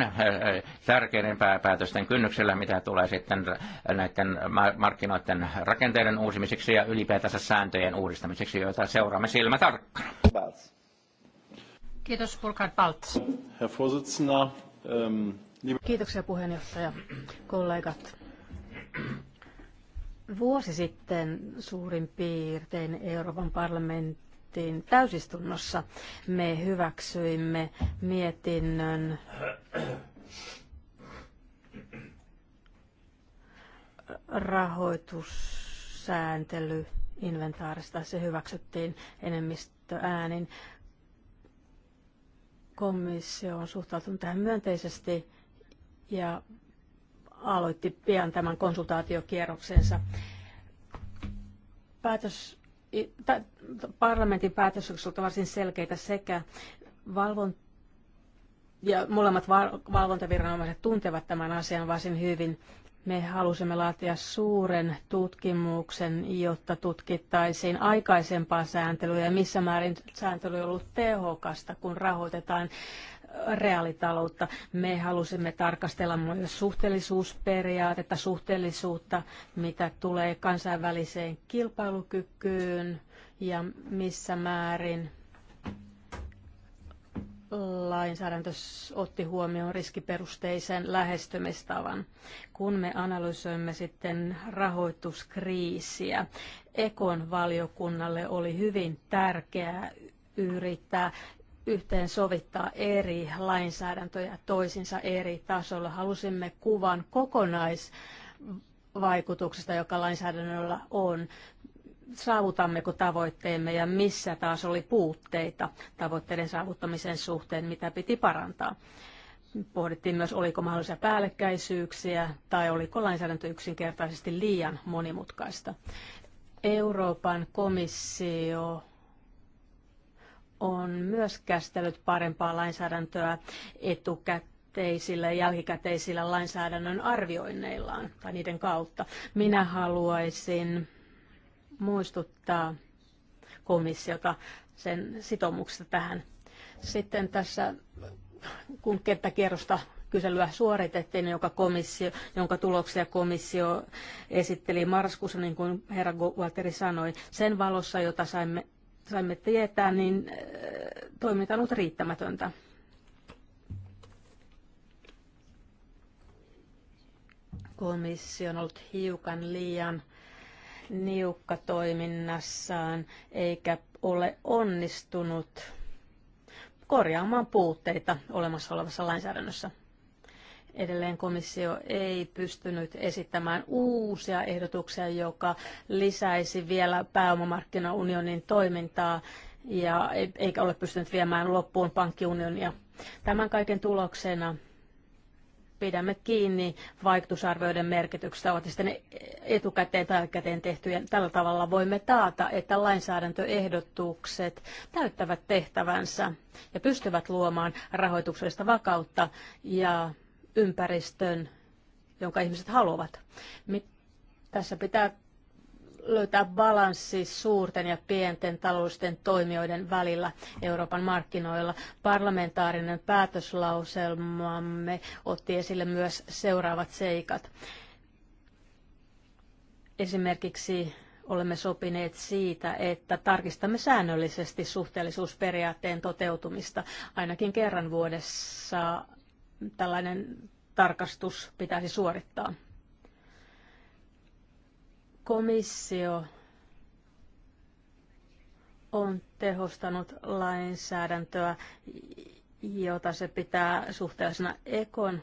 tärkeiden päätösten kynnyksellä, mitä tulee sitten näiden markkinoiden rakenteiden uusimiseksi ja ylipäätänsä sääntöjen uudistamiseksi, joita seuraamme silmä tarkkaan. Kiitos, Burkhard Baltz. Ähm, Kiitoksia puheenjohtaja, kollegat. Vuosi sitten suurin piirtein Euroopan parlamentti päätettiin täysistunnossa. Me hyväksyimme mietinnön rahoitussääntely inventaarista. Se hyväksyttiin enemmistöäänin. Komissio on suhtautunut tähän myönteisesti ja aloitti pian tämän konsultaatiokierroksensa. Päätös parlamentin päätökset ovat varsin selkeitä sekä valvon ja molemmat valvontaviranomaiset tuntevat tämän asian varsin hyvin. Me halusimme laatia suuren tutkimuksen, jotta tutkittaisiin aikaisempaa sääntelyä ja missä määrin sääntely on ollut tehokasta, kun rahoitetaan reaalitaloutta. Me halusimme tarkastella myös suhteellisuusperiaatetta, suhteellisuutta, mitä tulee kansainväliseen kilpailukykyyn ja missä määrin lainsäädäntö otti huomioon riskiperusteisen lähestymistavan, kun me analysoimme sitten rahoituskriisiä. Ekon valiokunnalle oli hyvin tärkeää yrittää yhteensovittaa eri lainsäädäntöjä toisinsa eri tasolla. Halusimme kuvan kokonaisvaikutuksesta, joka lainsäädännöllä on. Saavutammeko tavoitteemme ja missä taas oli puutteita tavoitteiden saavuttamisen suhteen, mitä piti parantaa. Pohdittiin myös, oliko mahdollisia päällekkäisyyksiä tai oliko lainsäädäntö yksinkertaisesti liian monimutkaista. Euroopan komissio on myös käsitellyt parempaa lainsäädäntöä etukäteisillä ja jälkikäteisillä lainsäädännön arvioinneillaan tai niiden kautta. Minä haluaisin muistuttaa komissiota sen sitoumuksesta tähän. Sitten tässä, kun kenttäkierrosta kyselyä suoritettiin, joka komissio, jonka tuloksia komissio esitteli marraskuussa, niin kuin herra Gualteri sanoi, sen valossa, jota saimme saimme tietää, niin äh, toiminta on ollut riittämätöntä. Komissio on ollut hiukan liian niukka toiminnassaan eikä ole onnistunut korjaamaan puutteita olemassa olevassa lainsäädännössä. Edelleen komissio ei pystynyt esittämään uusia ehdotuksia, joka lisäisi vielä pääomamarkkinaunionin toimintaa ja e- eikä ole pystynyt viemään loppuun pankkiunionia. Tämän kaiken tuloksena pidämme kiinni vaikutusarvioiden merkityksestä, ovat sitten etukäteen tai jälkikäteen tehtyjä. Tällä tavalla voimme taata, että lainsäädäntöehdotukset täyttävät tehtävänsä ja pystyvät luomaan rahoituksellista vakautta ja ympäristön, jonka ihmiset haluavat. Tässä pitää löytää balanssi suurten ja pienten taloudellisten toimijoiden välillä Euroopan markkinoilla. Parlamentaarinen päätöslauselmamme otti esille myös seuraavat seikat. Esimerkiksi olemme sopineet siitä, että tarkistamme säännöllisesti suhteellisuusperiaatteen toteutumista ainakin kerran vuodessa tällainen tarkastus pitäisi suorittaa. Komissio on tehostanut lainsäädäntöä, jota se pitää suhteellisena ekon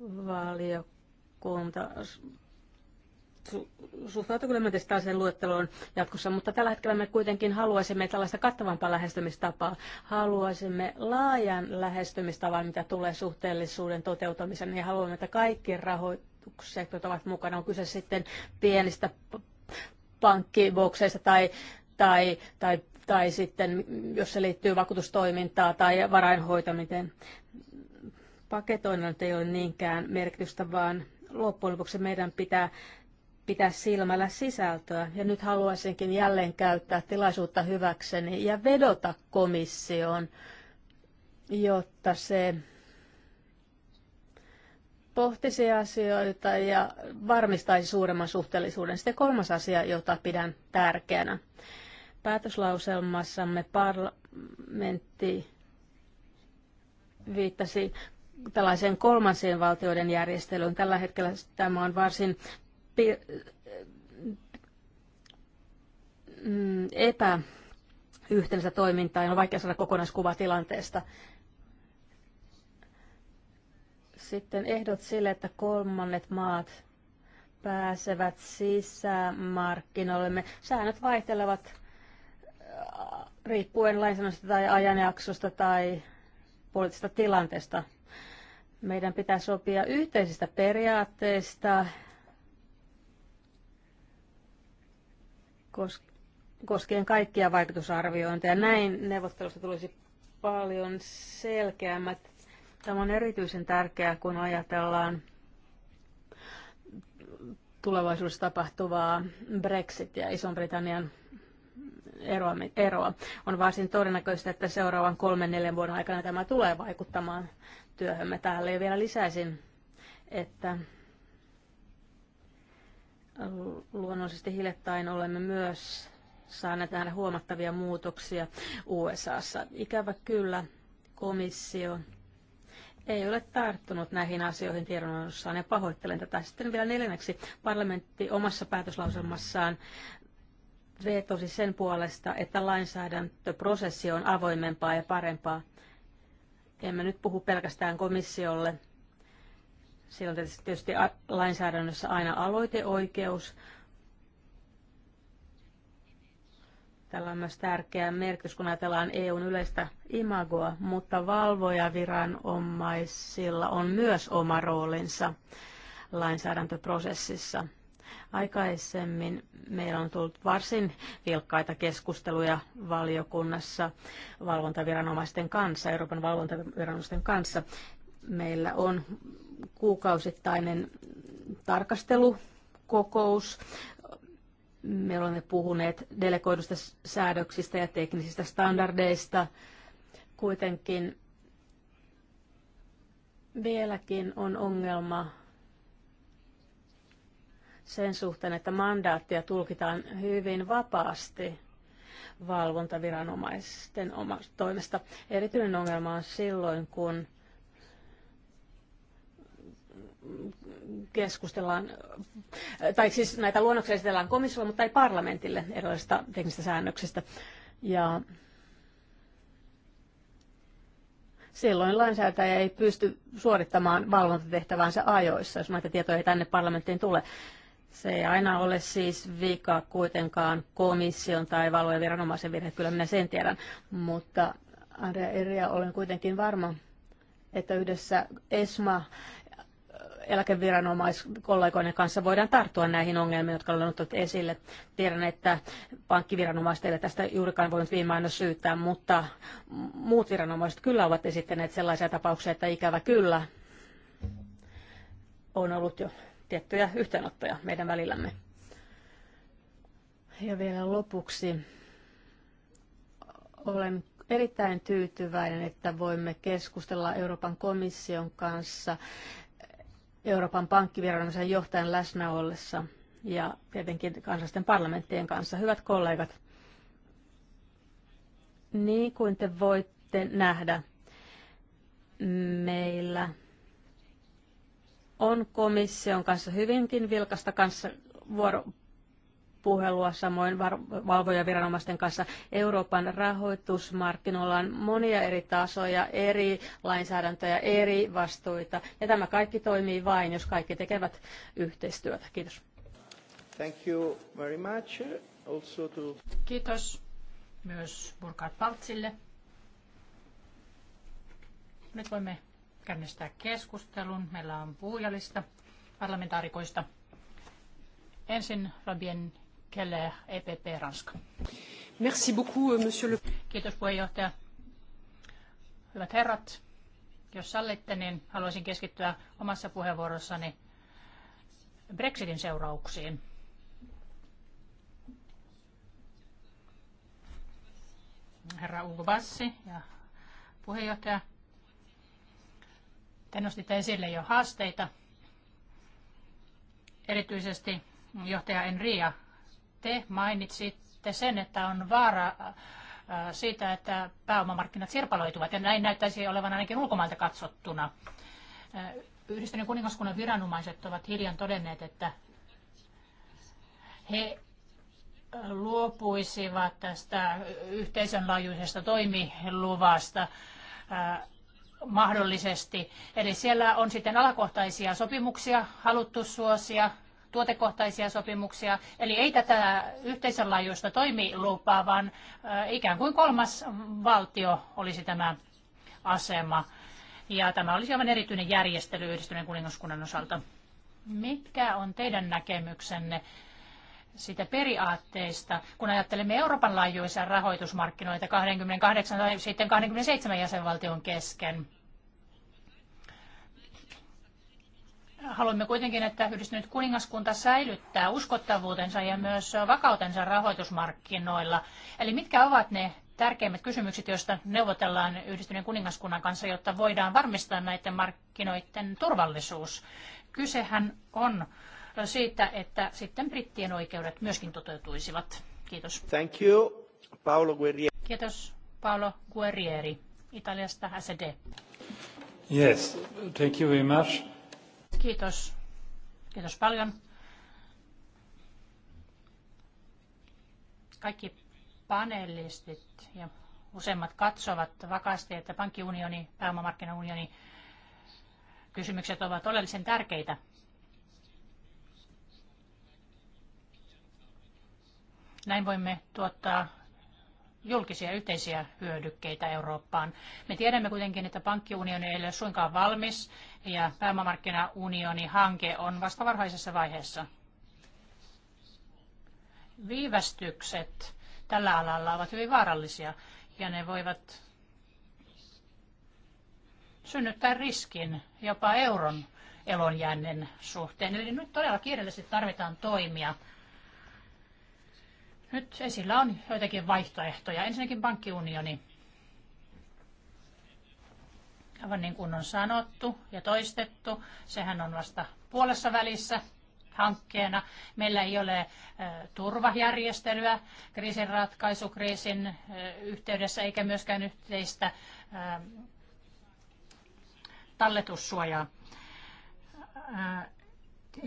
valiokunta kyllä myönteisesti tällaiseen luetteloon jatkossa, mutta tällä hetkellä me kuitenkin haluaisimme tällaista kattavampaa lähestymistapaa. Haluaisimme laajan lähestymistavan, mitä tulee suhteellisuuden toteutumisen, ja haluamme, että kaikki rahoitukset ovat mukana. On kyse sitten pienistä pankkibokseista tai, tai, tai, tai sitten, jos se liittyy vakuutustoimintaan tai varainhoitamiseen. Paketoinnilla ei ole niinkään merkitystä, vaan loppujen lopuksi meidän pitää pitää silmällä sisältöä. Ja nyt haluaisinkin jälleen käyttää tilaisuutta hyväkseni ja vedota komissioon, jotta se pohtisi asioita ja varmistaisi suuremman suhteellisuuden. Sitten kolmas asia, jota pidän tärkeänä. Päätöslauselmassamme parlamentti viittasi tällaiseen kolmansien valtioiden järjestelyyn. Tällä hetkellä tämä on varsin Mm, epä yhteensä toimintaa ja on vaikea saada kokonaiskuvaa tilanteesta. Sitten ehdot sille, että kolmannet maat pääsevät sisämarkkinoille. Me säännöt vaihtelevat äh, riippuen lainsäädännöstä tai ajanjaksosta tai poliittisesta tilanteesta. Meidän pitää sopia yhteisistä periaatteista koskien kaikkia vaikutusarviointeja. Näin neuvottelusta tulisi paljon selkeämmät. Tämä on erityisen tärkeää, kun ajatellaan tulevaisuudessa tapahtuvaa Brexit ja iso britannian eroa, eroa. On varsin todennäköistä, että seuraavan kolmen neljän vuoden aikana tämä tulee vaikuttamaan työhömme. Täällä ja vielä lisäisin, että Luonnollisesti hiljattain olemme myös saaneet nähdä huomattavia muutoksia USAssa. Ikävä kyllä komissio ei ole tarttunut näihin asioihin tiedonannossaan ja pahoittelen tätä. Sitten vielä neljänneksi parlamentti omassa päätöslauselmassaan vetosi sen puolesta, että lainsäädäntöprosessi on avoimempaa ja parempaa. Emme nyt puhu pelkästään komissiolle siellä on tietysti lainsäädännössä aina aloiteoikeus. Tällä on myös tärkeä merkitys, kun ajatellaan EUn yleistä imagoa, mutta valvojaviranomaisilla on myös oma roolinsa lainsäädäntöprosessissa. Aikaisemmin meillä on tullut varsin vilkkaita keskusteluja valiokunnassa valvontaviranomaisten kanssa, Euroopan valvontaviranomaisten kanssa. Meillä on kuukausittainen tarkastelukokous. Me olemme puhuneet delegoidusta säädöksistä ja teknisistä standardeista. Kuitenkin vieläkin on ongelma sen suhteen, että mandaattia tulkitaan hyvin vapaasti valvontaviranomaisten toimesta. Erityinen ongelma on silloin, kun keskustellaan, tai siis näitä luonnoksia esitellään komissiolle, mutta ei parlamentille erilaisista teknisistä säännöksistä. Ja silloin lainsäätäjä ei pysty suorittamaan valvontatehtävänsä ajoissa, jos näitä tietoja ei tänne parlamenttiin tule. Se ei aina ole siis vika kuitenkaan komission tai valvojen viranomaisen virhe, kyllä minä sen tiedän, mutta Andrea Eria olen kuitenkin varma, että yhdessä ESMA eläkeviranomaiskollegoiden kanssa voidaan tarttua näihin ongelmiin, jotka olen ottanut esille. Tiedän, että pankkiviranomaiset eivät tästä juurikaan voinut viime aina syyttää, mutta muut viranomaiset kyllä ovat esittäneet sellaisia tapauksia, että ikävä kyllä on ollut jo tiettyjä yhteenottoja meidän välillämme. Ja vielä lopuksi olen erittäin tyytyväinen, että voimme keskustella Euroopan komission kanssa Euroopan pankkiviranomaisen johtajan läsnä ollessa ja tietenkin kansallisten parlamenttien kanssa. Hyvät kollegat, niin kuin te voitte nähdä, meillä on komission kanssa hyvinkin vilkasta kanssa vuoro puhelua samoin valvojaviranomaisten kanssa. Euroopan rahoitusmarkkinoilla on monia eri tasoja, eri lainsäädäntöjä, eri vastuita. Ja tämä kaikki toimii vain, jos kaikki tekevät yhteistyötä. Kiitos. Thank you very much. Also to... Kiitos myös Burkhard Paltsille. Nyt voimme käynnistää keskustelun. Meillä on puhujalista parlamentaarikoista. Ensin Rabien Keller, EPP Ranska. Merci beaucoup, euh, monsieur le... Kiitos puheenjohtaja. Hyvät herrat, jos sallitte, niin haluaisin keskittyä omassa puheenvuorossani Brexitin seurauksiin. Herra Ugo Bassi ja puheenjohtaja, te nostitte esille jo haasteita, erityisesti johtaja Enria te mainitsitte sen, että on vaara äh, siitä, että pääomamarkkinat sirpaloituvat, ja näin näyttäisi olevan ainakin ulkomailta katsottuna. Äh, yhdistyneen kuningaskunnan viranomaiset ovat hiljan todenneet, että he äh, luopuisivat tästä yhteisön laajuisesta toimiluvasta mahdollisesti. Eli siellä on sitten alakohtaisia sopimuksia haluttu suosia tuotekohtaisia sopimuksia. Eli ei tätä yhteisön laajuista toimilupaa, vaan ikään kuin kolmas valtio olisi tämä asema. Ja tämä olisi aivan erityinen järjestely yhdistyneen kuningaskunnan osalta. Mikä on teidän näkemyksenne siitä periaatteesta, kun ajattelemme Euroopan laajuisia rahoitusmarkkinoita 28 tai sitten 27 jäsenvaltion kesken? haluamme kuitenkin, että yhdistynyt kuningaskunta säilyttää uskottavuutensa ja myös vakautensa rahoitusmarkkinoilla. Eli mitkä ovat ne tärkeimmät kysymykset, joista neuvotellaan yhdistyneen kuningaskunnan kanssa, jotta voidaan varmistaa näiden markkinoiden turvallisuus? Kysehän on siitä, että sitten brittien oikeudet myöskin toteutuisivat. Kiitos. Thank you, Paolo Guerrieri. Kiitos, Paolo Guerrieri, Italiasta Yes, thank you very much. Kiitos. Kiitos paljon. Kaikki panelistit ja useimmat katsovat vakaasti, että pankkiunioni, pääomamarkkinaunioni kysymykset ovat oleellisen tärkeitä. Näin voimme tuottaa julkisia yhteisiä hyödykkeitä Eurooppaan. Me tiedämme kuitenkin, että pankkiunioni ei ole suinkaan valmis ja pääomamarkkinaunioni hanke on vasta varhaisessa vaiheessa. Viivästykset tällä alalla ovat hyvin vaarallisia ja ne voivat synnyttää riskin jopa euron elonjäännen suhteen. Eli nyt todella kiireellisesti tarvitaan toimia nyt esillä on joitakin vaihtoehtoja. Ensinnäkin pankkiunioni. Aivan niin kuin on sanottu ja toistettu, sehän on vasta puolessa välissä hankkeena. Meillä ei ole turvajärjestelyä kriisin ratkaisukriisin yhteydessä eikä myöskään yhteistä talletussuojaa.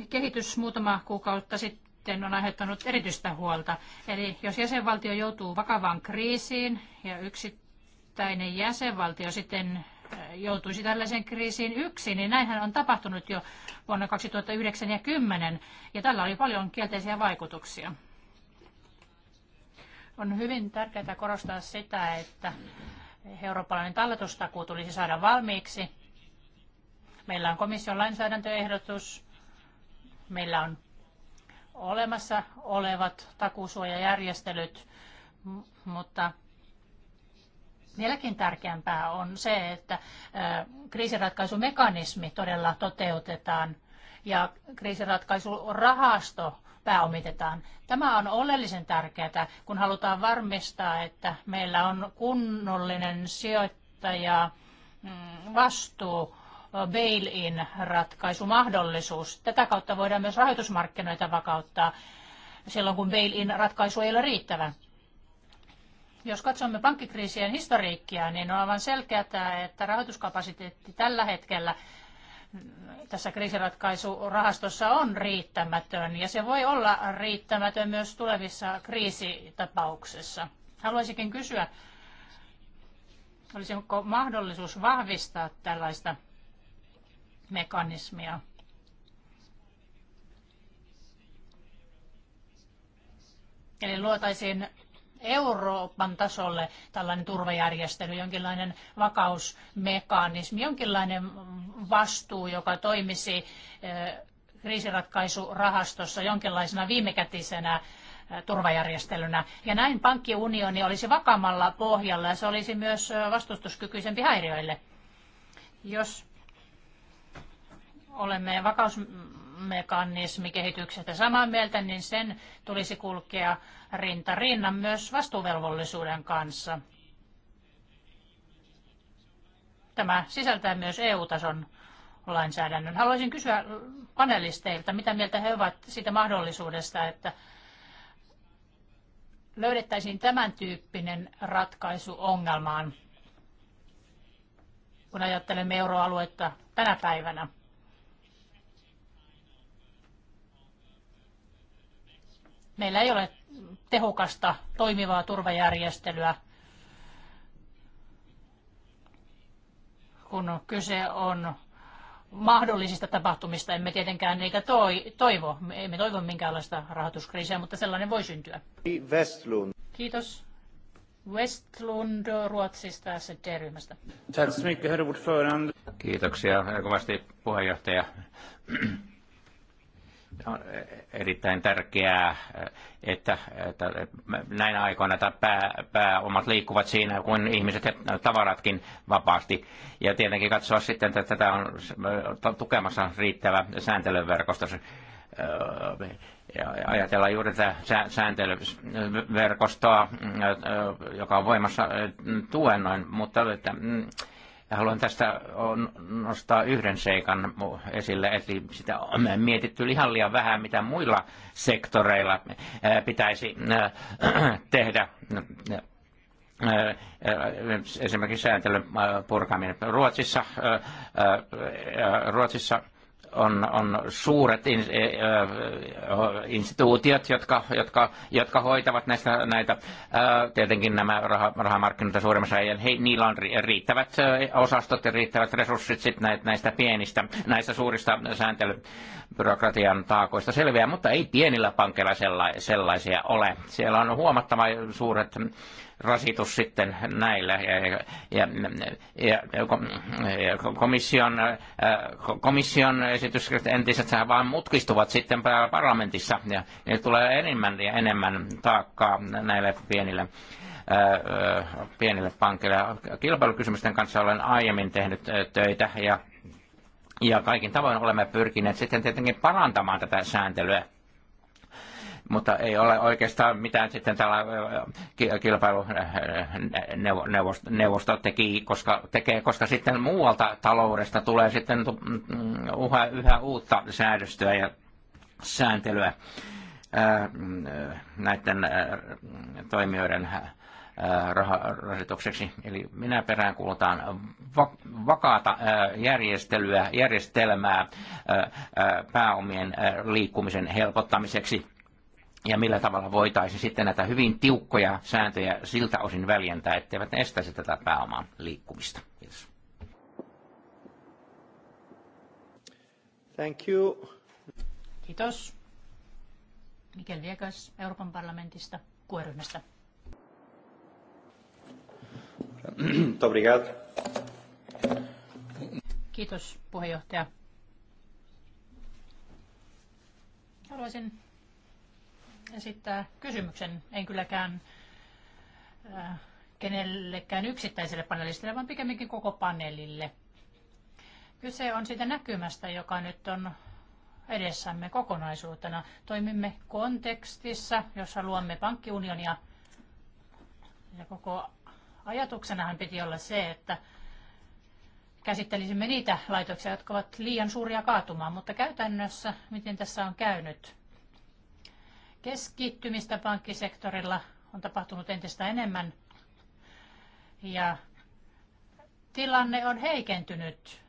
Kehitys muutama kuukautta sitten sitten on aiheuttanut erityistä huolta. Eli jos jäsenvaltio joutuu vakavaan kriisiin ja yksittäinen jäsenvaltio sitten eh, joutuisi tällaiseen kriisiin yksin, niin näinhän on tapahtunut jo vuonna 2009 ja 2010, ja tällä oli paljon kielteisiä vaikutuksia. On hyvin tärkeää korostaa sitä, että eurooppalainen talletustakuu tulisi saada valmiiksi. Meillä on komission lainsäädäntöehdotus, meillä on olemassa olevat takuusuojajärjestelyt, mutta vieläkin tärkeämpää on se, että kriisiratkaisumekanismi todella toteutetaan ja kriisiratkaisurahasto pääomitetaan. Tämä on oleellisen tärkeää, kun halutaan varmistaa, että meillä on kunnollinen sijoittaja mm, vastuu bail-in ratkaisumahdollisuus. Tätä kautta voidaan myös rahoitusmarkkinoita vakauttaa silloin, kun bail-in ratkaisu ei ole riittävä. Jos katsomme pankkikriisien historiikkia, niin on aivan selkeää, että rahoituskapasiteetti tällä hetkellä tässä kriisiratkaisurahastossa on riittämätön ja se voi olla riittämätön myös tulevissa kriisitapauksissa. Haluaisinkin kysyä, olisiko mahdollisuus vahvistaa tällaista mekanismia. Eli luotaisiin Euroopan tasolle tällainen turvajärjestely, jonkinlainen vakausmekanismi, jonkinlainen vastuu, joka toimisi eh, kriisiratkaisurahastossa jonkinlaisena viimekätisenä eh, turvajärjestelynä. Ja näin pankkiunioni olisi vakaammalla pohjalla ja se olisi myös eh, vastustuskykyisempi häiriöille. Jos olemme vakausmekanismikehityksestä samaa mieltä, niin sen tulisi kulkea rinta rinnan myös vastuuvelvollisuuden kanssa. Tämä sisältää myös EU-tason lainsäädännön. Haluaisin kysyä panelisteilta, mitä mieltä he ovat siitä mahdollisuudesta, että löydettäisiin tämän tyyppinen ratkaisu ongelmaan, kun ajattelemme euroaluetta tänä päivänä. Meillä ei ole tehokasta, toimivaa turvajärjestelyä, kun kyse on mahdollisista tapahtumista. Emme tietenkään eikä toi, toivo, emme toivo minkäänlaista rahoituskriisiä, mutta sellainen voi syntyä. Westlund. Kiitos. Westlund Ruotsista sd ryhmästä Kiitoksia kovasti puheenjohtaja on erittäin tärkeää, että, että näin aikoina että pää, pääomat liikkuvat siinä, kun ihmiset ja tavaratkin vapaasti. Ja tietenkin katsoa sitten, että tätä on tukemassa riittävä sääntelyverkosto. Ja ajatella juuri tätä sääntelyverkostoa, joka on voimassa tuennoin, mutta että mm, ja haluan tästä nostaa yhden seikan esille, että sitä on mietitty ihan liian vähän, mitä muilla sektoreilla pitäisi tehdä esimerkiksi sääntelyn purkaminen. Ruotsissa, Ruotsissa on, on suuret in, äh, instituutiot, jotka, jotka, jotka hoitavat näistä, näitä, äh, tietenkin nämä rah, rahamarkkinoita suuremmassa ajan, he, niillä on riittävät osastot ja riittävät resurssit sit näitä, näistä pienistä, näistä suurista sääntelybyrokratian taakoista selviää, mutta ei pienillä pankeilla sellaisia ole. Siellä on huomattavan suuret rasitus sitten näillä. Ja, ja, ja, ja komission, äh, komission esitys, entiset vaan mutkistuvat sitten parlamentissa ja, ja tulee enemmän ja enemmän taakkaa näille pienille äh, äh, pienille pankeille. Kilpailukysymysten kanssa olen aiemmin tehnyt töitä ja, ja kaikin tavoin olemme pyrkineet sitten tietenkin parantamaan tätä sääntelyä mutta ei ole oikeastaan mitään sitten tällä äh, kilpailuneuvosto teki, koska, tekee, koska sitten muualta taloudesta tulee sitten mm, yhä uutta säädöstöä ja sääntelyä äh, näiden äh, toimijoiden rahoitukseksi. Eli minä peräänkuulutan vakaata järjestelyä, järjestelmää pääomien liikkumisen helpottamiseksi ja millä tavalla voitaisiin sitten näitä hyvin tiukkoja sääntöjä siltä osin väljentää, etteivät ne estäisi tätä pääoman liikkumista. Kiitos. Thank you. Kiitos. Mikkel Viekas Euroopan parlamentista, kuoryhmästä. Kiitos puheenjohtaja. Haluaisin esittää kysymyksen. En kylläkään äh, kenellekään yksittäiselle panelistille, vaan pikemminkin koko paneelille. Kyse on siitä näkymästä, joka nyt on edessämme kokonaisuutena. Toimimme kontekstissa, jossa luomme pankkiunionia. Ja koko ajatuksenahan piti olla se, että käsittelisimme niitä laitoksia, jotka ovat liian suuria kaatumaan, mutta käytännössä, miten tässä on käynyt, Keskittymistä pankkisektorilla on tapahtunut entistä enemmän ja tilanne on heikentynyt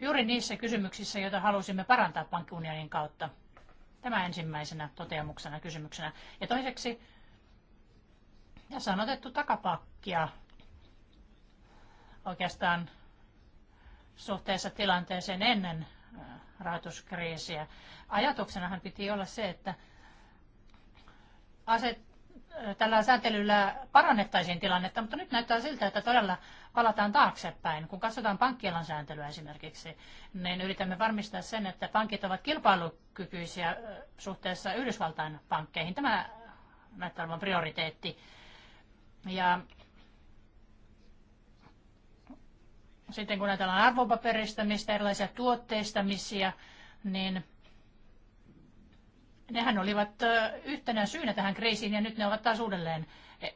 juuri niissä kysymyksissä, joita halusimme parantaa pankkiunionin kautta. Tämä ensimmäisenä toteamuksena kysymyksenä. Ja toiseksi tässä on otettu takapakkia oikeastaan suhteessa tilanteeseen ennen rahoituskriisiä. Ajatuksenahan piti olla se, että aset, tällä säätelyllä parannettaisiin tilannetta, mutta nyt näyttää siltä, että todella palataan taaksepäin. Kun katsotaan pankkialan sääntelyä esimerkiksi, niin yritämme varmistaa sen, että pankit ovat kilpailukykyisiä suhteessa Yhdysvaltain pankkeihin. Tämä näyttää olevan prioriteetti. Ja Sitten kun ajatellaan arvopaperistamista, erilaisia tuotteistamisia, niin nehän olivat yhtenä syynä tähän kriisiin ja nyt ne ovat taas uudelleen e,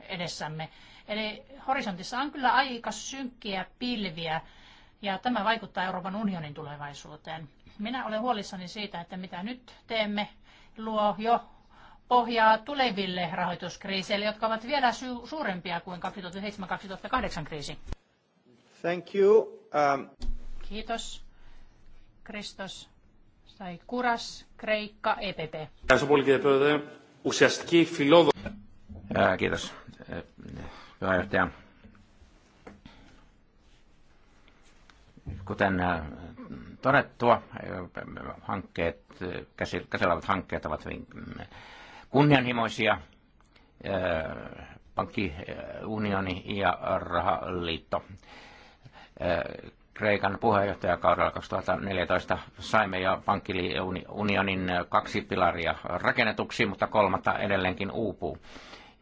edessämme. Eli horisontissa on kyllä aika synkkiä pilviä ja tämä vaikuttaa Euroopan unionin tulevaisuuteen. Minä olen huolissani siitä, että mitä nyt teemme luo jo pohjaa tuleville rahoituskriiseille, jotka ovat vielä suurempia kuin 2007-2008 kriisi. Thank you. Um... Kiitos. Kristos sai kuras, Kreikka, EPP. Kiitos, puheenjohtaja. Kuten todettua, hankkeet, käsillä olevat hankkeet ovat hyvin mm, kunnianhimoisia. Pankkiunioni ja rahaliitto Kreikan puheenjohtajakaudella 2014 saimme jo pankkiunionin kaksi pilaria rakennetuksi, mutta kolmatta edelleenkin uupuu.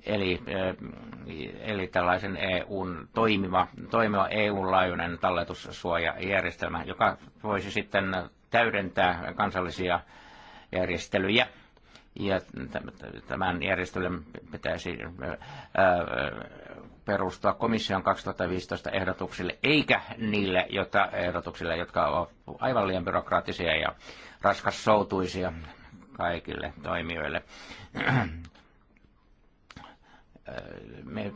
Eli, eh, eli tällaisen EUn toimiva, toimiva EU-laajuinen talletussuojajärjestelmä, joka voisi sitten täydentää kansallisia järjestelyjä. Ja tämän järjestelyn pitäisi eh, perustua komission 2015 ehdotuksille, eikä niille jotka, ehdotuksille, jotka ovat aivan liian byrokraattisia ja raskassoutuisia kaikille toimijoille. Me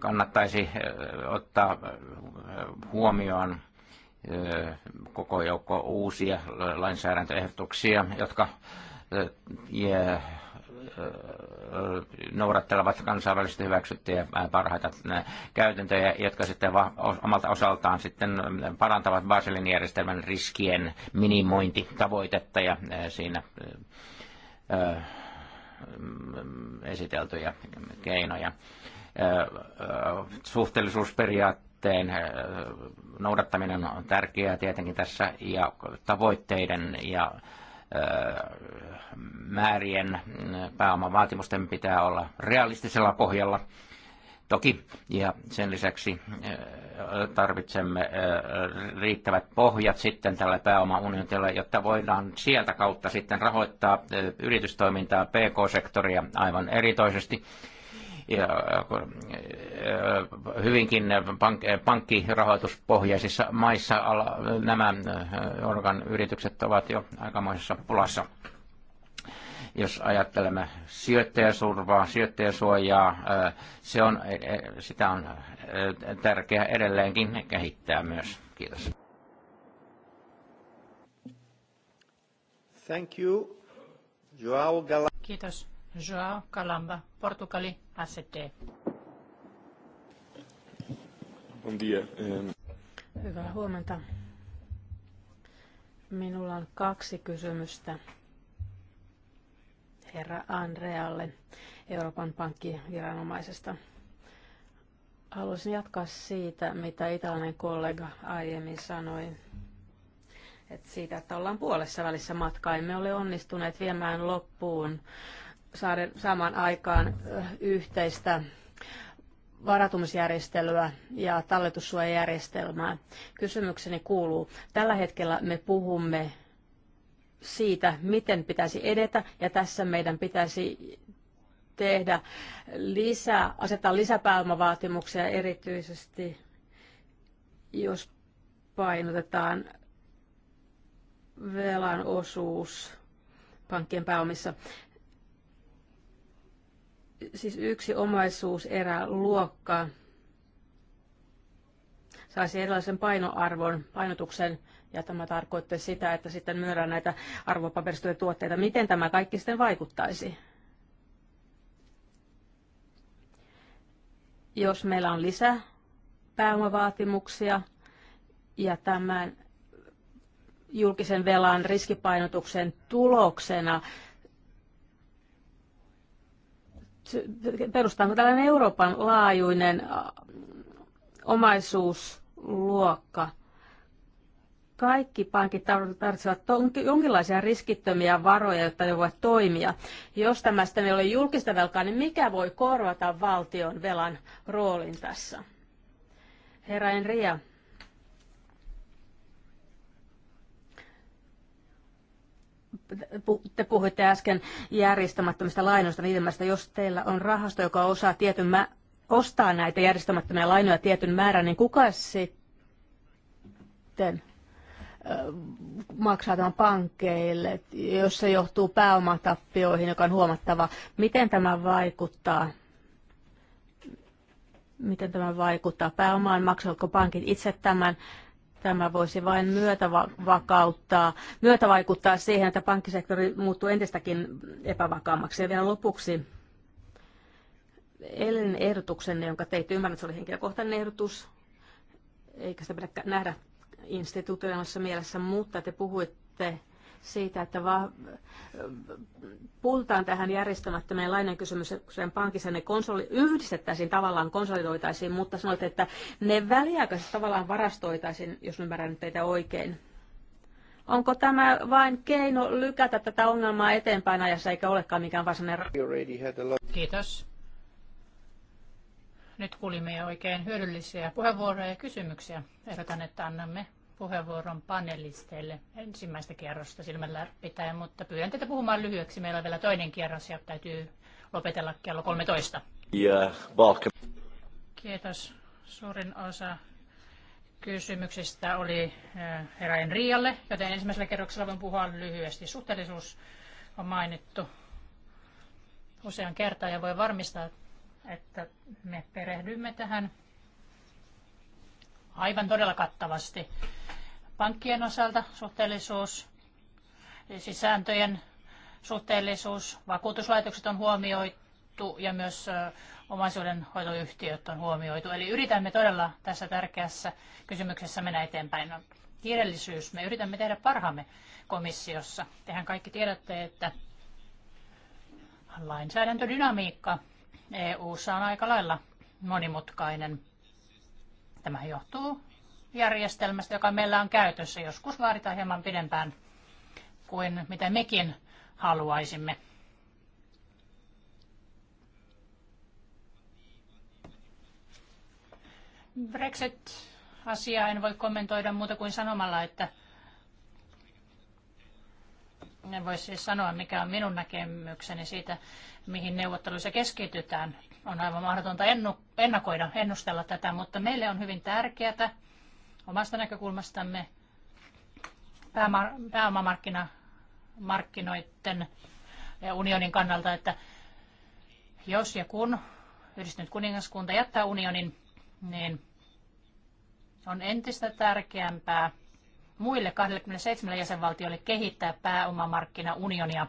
kannattaisi eh, ottaa eh, huomioon eh, koko joukko uusia lainsäädäntöehdotuksia, jotka noudattelevat kansainvälisesti hyväksyttyjä parhaita käytäntöjä, jotka sitten omalta osaltaan sitten parantavat Baselin järjestelmän riskien minimointitavoitetta ja siinä mm, esiteltyjä keinoja. Suhteellisuusperiaatteen noudattaminen on tärkeää tietenkin tässä ja tavoitteiden ja määrien pääomavaatimusten pitää olla realistisella pohjalla. Toki, ja sen lisäksi tarvitsemme riittävät pohjat sitten tällä pääomaunionitella, jotta voidaan sieltä kautta sitten rahoittaa yritystoimintaa, pk-sektoria aivan erityisesti ja äh, äh, hyvinkin pank- äh, pankkirahoituspohjaisissa maissa nämä organ yritykset ovat jo aikamoisessa pulassa jos ajattelemme sijoittajasurvaa, sijoittajasuojaa, se on, e, e, sitä on tärkeää edelleenkin kehittää myös. Kiitos. Thank you. Joao Gala- Kiitos. João Calamba, ACT. dia. Hyvää huomenta. Minulla on kaksi kysymystä herra Andrealle Euroopan pankkiviranomaisesta. Haluaisin jatkaa siitä, mitä italainen kollega aiemmin sanoi että siitä, että ollaan puolessa välissä matkaa. Emme ole onnistuneet viemään loppuun saada samaan aikaan yhteistä varatumisjärjestelyä ja talletussuojajärjestelmää. Kysymykseni kuuluu, tällä hetkellä me puhumme siitä, miten pitäisi edetä, ja tässä meidän pitäisi tehdä lisää, asettaa lisäpääomavaatimuksia erityisesti, jos painotetaan velan osuus pankkien pääomissa siis yksi omaisuuserä luokka saisi erilaisen painoarvon, painotuksen, ja tämä tarkoittaa sitä, että sitten myydään näitä arvopaperistoja tuotteita. Miten tämä kaikki sitten vaikuttaisi? Jos meillä on lisää pääomavaatimuksia ja tämän julkisen velan riskipainotuksen tuloksena perustaa tällainen Euroopan laajuinen äh, omaisuusluokka. Kaikki pankit tarvitsevat jonkinlaisia riskittömiä varoja, jotta ne voivat toimia. Jos tämä sitten ei ole julkista velkaa, niin mikä voi korvata valtion velan roolin tässä? Herra Enria, te puhuitte äsken järjestämättömistä lainoista viimeistä. Jos teillä on rahasto, joka osaa tietyn mä, ostaa näitä järjestämättömiä lainoja tietyn määrän, niin kuka sitten maksaa tämän pankkeille, jos se johtuu pääomatappioihin, joka on huomattava. Miten tämä vaikuttaa? Miten tämä vaikuttaa pääomaan? Maksavatko pankit itse tämän? Tämä voisi vain myötävakauttaa, myötävaikuttaa siihen, että pankkisektori muuttuu entistäkin epävakaammaksi. Ja vielä lopuksi Ellen ehdotuksenne, jonka teit ymmärrän, se oli henkilökohtainen ehdotus, eikä sitä pidä nähdä institutionaalisessa mielessä, mutta te puhuitte siitä, että va- puhutaan tähän järjestämättömään lainan kysymykseen pankissa, ne konsoli- yhdistettäisiin tavallaan, konsolidoitaisiin, mutta sanoit, että ne väliaikaisesti tavallaan varastoitaisiin, jos ymmärrän nyt teitä oikein. Onko tämä vain keino lykätä tätä ongelmaa eteenpäin ajassa, eikä olekaan mikään varsinainen... Kiitos. Nyt kuulimme oikein hyödyllisiä puheenvuoroja ja kysymyksiä. Ehdotan, että annamme puheenvuoron panelisteille ensimmäistä kierrosta silmällä pitäen, mutta pyydän teitä puhumaan lyhyeksi. Meillä on vielä toinen kierros ja täytyy lopetella kello 13. Yeah, Kiitos. Suurin osa kysymyksistä oli eh, herra Enrialle, joten ensimmäisellä kerroksella voin puhua lyhyesti. Suhteellisuus on mainittu usean kertaan ja voi varmistaa, että me perehdymme tähän aivan todella kattavasti. Pankkien osalta suhteellisuus, siis sääntöjen suhteellisuus, vakuutuslaitokset on huomioitu ja myös omaisuuden hoitoyhtiöt on huomioitu. Eli yritämme todella tässä tärkeässä kysymyksessä mennä eteenpäin. No, kiireellisyys. Me yritämme tehdä parhaamme komissiossa. Tehän kaikki tiedätte, että lainsäädäntödynamiikka EU-ssa on aika lailla monimutkainen. Tämä johtuu järjestelmästä, joka meillä on käytössä. Joskus vaaditaan hieman pidempään kuin mitä mekin haluaisimme. Brexit-asiaa en voi kommentoida muuta kuin sanomalla, että en voi siis sanoa, mikä on minun näkemykseni siitä, mihin neuvotteluissa keskitytään. On aivan mahdotonta ennakoida, ennustella tätä, mutta meille on hyvin tärkeää omasta näkökulmastamme pääomamarkkinoiden ja unionin kannalta, että jos ja kun yhdistynyt kuningaskunta jättää unionin, niin on entistä tärkeämpää – muille 27 jäsenvaltiolle kehittää pääomamarkkinaunionia